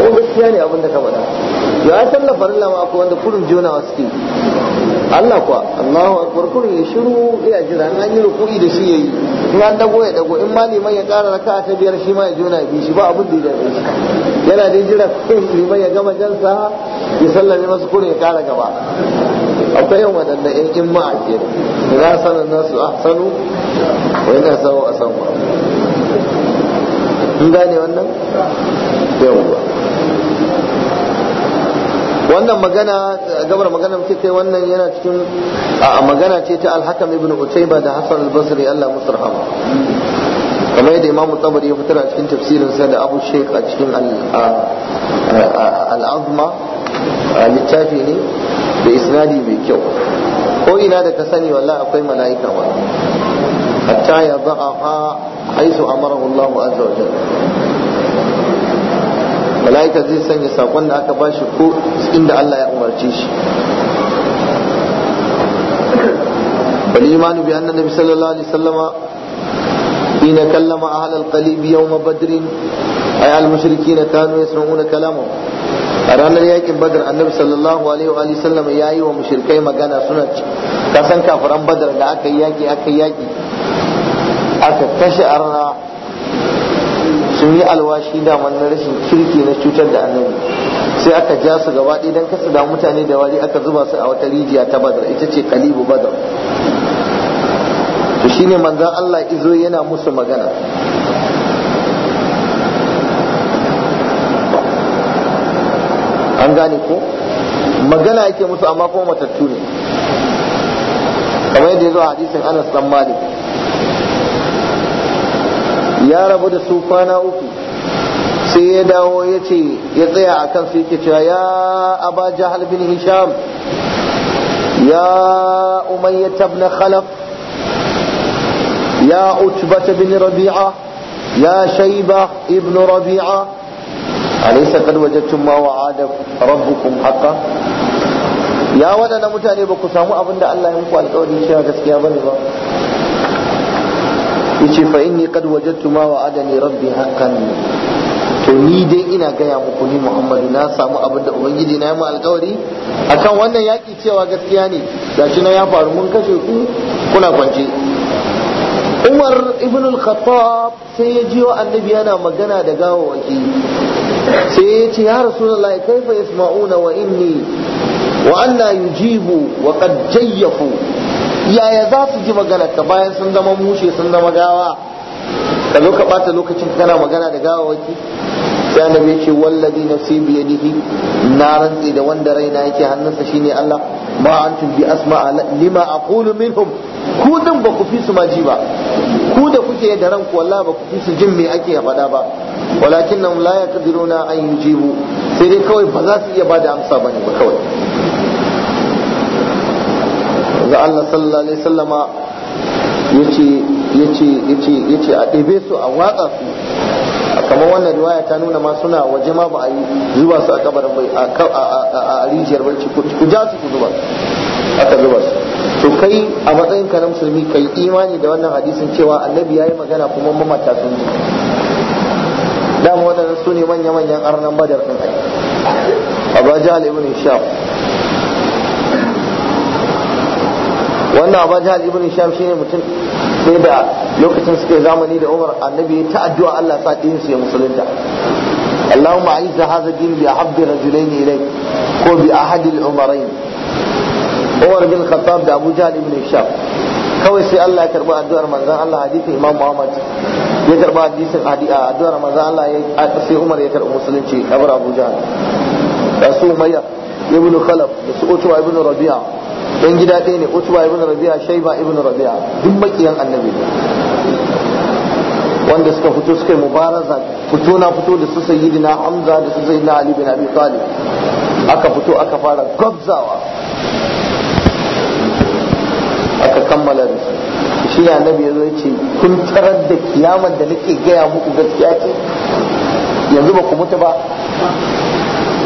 ko gaskiya ne abin da ka faɗa ya ai sallar farilla ma akwai wanda kurin jonawa suke Allah kuwa Allahu akbar kurin ya shiru ya jira an yi ruku'i da shi yayi in an dago ya dago in ma liman ya kara raka ta biyar shi ma ya juna bi shi ba abin da ya dace yana da jira liman ya gama jansa ya sallame masu kure ya kara gaba akwai yin waɗanda in in ma a ke da sanar nasu a sanu wa ina sawo a san in gane wannan ba. wannan magana gabar magana muke kai wannan yana cikin magana ce ta al-hakam ibn utayba da hasan al-basri Allah musu hama. kamar yadda imamu tsabari ya fitar a cikin tafsirinsa da abu sheik a cikin al'azma littafi ne da isnadi mai kyau ko ina da ka sani wallahi akwai mala'ika wa hatta ya a ha haisu amarahu Allah azza wa jalla mala'ika zai sanya sakon da aka bashi ko inda Allah ya umarci shi bal imanu bi anna nabi sallallahu alaihi wasallama hina kallama ahal alqalib yawm badr ay al mushrikin kanu yasma'una kalamu a ranar yakin badar annabi sallallahu alaihi wa sallam ya yi wa mushrikai magana suna kasan kafiran badar da aka yi yaki aka yaki aka kashe arna sun yi alwashi da na rashin kirki na cutar da annabi sai aka ja su gaba ɗaya don kasa da mutane da wari aka zuba su a wata rijiya ta badar ita ce kalibu badar to shine manzan Allah izo yana musu magana an gane ko magana yake musu amma kuma matattu ne kamar yadda ya zo a hadisin Anas dan Malik ya rabu da su kwana uku sai ya dawo ya ce ya tsaya a kansu yake cewa ya aba jahal bin hisham ya umayyat ibn khalaf ya utbat bin rabi'a ya shaiba ibn rabi'a alaysa qad wajadtum ma wa'ada rabbukum haqqan ya wadana mutane ba ku samu abin da Allah ya muku alƙawari cewa gaskiya bane ba yace fa inni qad wajadtu ma wa'adani rabbi haqqan to ni dai ina gaya muku ni Muhammadu na samu abin da ubangiji na yi ma alkawari akan wannan yaki cewa gaskiya ne gashi na ya faru mun kashe ku kuna kwance Umar ibn al-Khattab sai ya ji wa annabi yana magana da gawawaki sai ya ce ya rasulullahi kaifa yasma'una wa inni wa an la yujibu wa qad jayyafu yaya za su ji ka bayan sun zama mushe sun zama gawa ka zo ka bata lokacin kana magana da gawawaki sai annabi ya ce wallazi nafsi bi yadihi na rantsi da wanda raina yake hannunsa shine Allah ma antum bi asma lima aqulu minhum ku din ba ku fi su maji ba ku da kuke da ranku wallahi ba ku fi su jin me ake faɗa ba walakinnahum la yaqdiruna an yujibu sai dai kawai ba za su iya ba da amsa bane ba kawai manzo Allah sallallahu alaihi wasallama yace yace a ɗebe su a watsa su kamar wannan riwaya ta nuna ma suna waje ma ba a yi zuba su a kabarin bai a rijiyar bai ku ja su ku zuba aka zuba su to kai a matsayin ka na musulmi kai imani da wannan hadisin cewa annabi ya yi magana kuma mamata sun ji dama waɗannan su ne manya-manyan arnan badar ɗin kai. abu ibn shaf wannan abin jihar ibn sham shine mutum sai da lokacin suke zamani da umar annabi ta addu'a Allah sa din su ya musulunta اللهم أعز هذا الدين بأحب الرجلين إليك وبأحد العمرين عمر بن الخطاب da Abuja Jahl ibn Hisham kawai sai Allah ya karba addu'ar manzon Allah hadisin Imam Muhammad ya karba hadisin addu'ar manzon Allah sai Umar ya karba musulunci kabar Abu Jahl da su Umayya ibn da su Rabi'a dan gida ɗaya ne utba ibn rabi'a shayba ibn rabi'a duk makiyan annabi ne wanda suka fito suka yi mubaraza fito na fito da su sayyidina hamza da su sayyidina ali bin abi talib aka fito aka fara gwabzawa aka kammala da su shi ne annabi ya zo ya ce kun tarar da kiyamar da nake gaya muku gaskiya ce yanzu ba ku mutu ba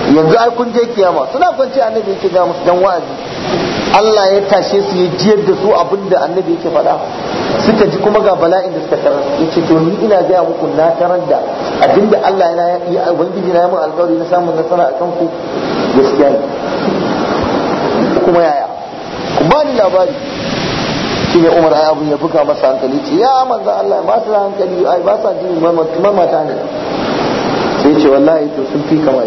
yanzu ai kun je kiyama suna kwanci annabi ce ga musu dan wa'azi Allah ya tashe su ya jiyar da su abin da annabi yake faɗa suka ji kuma ga bala'in da suka tarar ya ce to ni ina gaya muku na tarar da abin da Allah yi a wangiji na yamin alƙawari na samun nasara a kanku gaskiya ne kuma yaya ku ba ni labari shi ne Umar ayabu ya buga masa hankali ce ya manzo Allah ba su hankali ai ba sa jin mata ne sai ce wallahi to sun fi kamar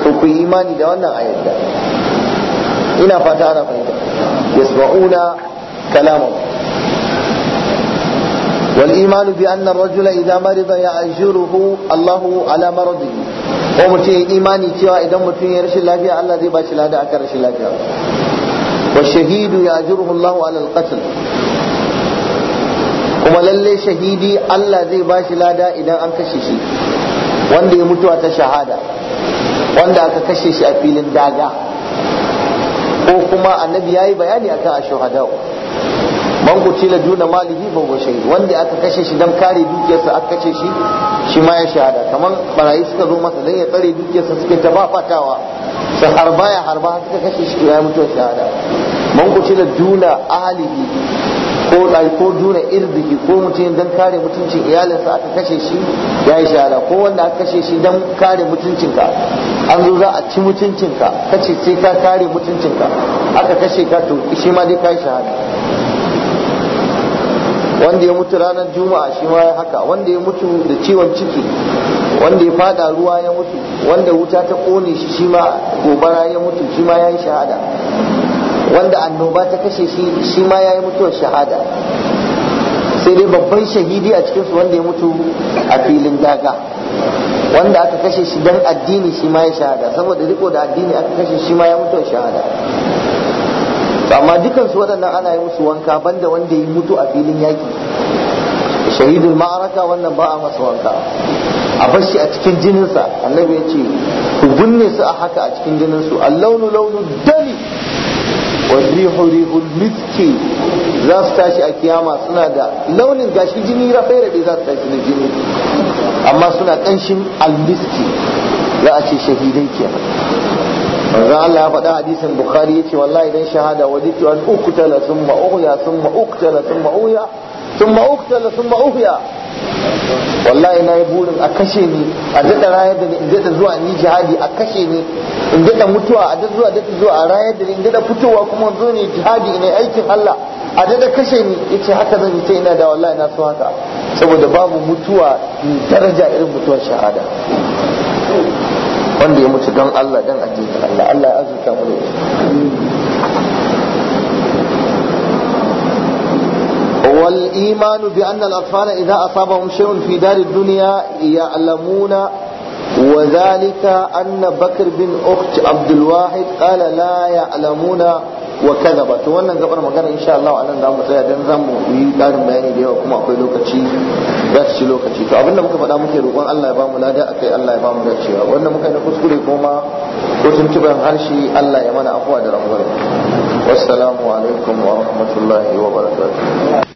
to ku yi imani da wannan ayyadda ina fata ana fahimta yasma'una kalaman والإيمان بأن الرجل إذا مرض يعجره الله على مرضه ko mutum ya imani cewa idan mutum ya rashin lafiya Allah zai ba lada akan rashin lafiya wa shahidu ya ajruhu Allah ala al-qatl kuma lallai shahidi Allah zai bashi lada idan an kashe shi wanda ya mutuwa ta shahada wanda aka kashe shi a filin daga ko kuma annabi ya yi bayani akan ashuhada ku kutila duna malihi ba huwa shahid wanda aka kashe shi dan kare dukiyarsa aka kashe shi shi ma ya shahada kamar barayi suka zo masa dan ya tsare dukiyarsa suke ta fafatawa sa harba ya harba suka kashe shi ya mutu shahada ku kutila duna ahlihi ko dai ko duna irziki ko mutum dan kare mutuncin iyalinsa aka kashe shi ya yi shahada ko wanda aka kashe shi don kare mutuncinka an zo za a ci mutuncinka kace sai ka kare mutuncinka aka kashe ka to shi ma dai ka yi shahada wanda ya mutu ranar juma'a shi ma ya haka wanda ya mutu da ciwon ciki wanda ya fada ruwa ya mutu wanda wuta ta kone shi shi ma gobara ya mutu shi ma ya yi shahada wanda annoba ta kashe shi shi ma ya yi mutuwar shahada sai dai babban shahidi a cikinsu wanda ya mutu a filin daga wanda aka kashe shi don addini shi ma ya shahada saboda riko da addini aka kashe shi ma ya mutuwar shahada amma dukansu waɗannan ana yi musu wanka banda wanda ya mutu a filin yaki shahidul ma'araka wannan ba a masa wanka a bashi a cikin jininsa annabi ya ce ku binne su a haka a cikin jininsu allaunu launu dali والريح ريح المسك za su tashi a kiyama suna da launin gashi jini rafai rabe za su tashi da jini amma suna kanshin almiski za a ce shahidai kenan manzo Allah ya faɗa hadisin Bukhari yace wallahi idan shahada waditu an uqtala thumma uhya thumma uqtala thumma wallahi na yi burin a kashe ni a daɗa rayar da ni in daɗa zuwa ni jihadi a kashe ni in daɗa mutuwa a daɗa zuwa daɗa zuwa a rayar da ni in daɗa fitowa kuma zo ne jihadi ne aikin Allah a daɗa kashe ni yace haka zan yi ta ina da wallahi na so haka saboda babu mutuwa daraja irin mutuwar shahada wanda ya mutu don Allah don ajiyar Allah Allah ya azurta mu da والإيمان بأن الأطفال إذا أصابهم شيء في دار الدنيا يعلمون وذلك أن بكر بن أخت عبد الواحد قال لا يعلمون وكذب wannan gabar magana insha Allah anan za mu saya da za mu yi karin bayani da yawa kuma akwai lokaci za ci lokaci to abinda muka faɗa muke roƙon Allah ya bamu lada kai Allah ya bamu dacewa wanda muka na kuskure kuma ko tuntuban harshe
Allah ya mana afuwa da rangwame wassalamu alaikum wa rahmatullahi wa barakatuh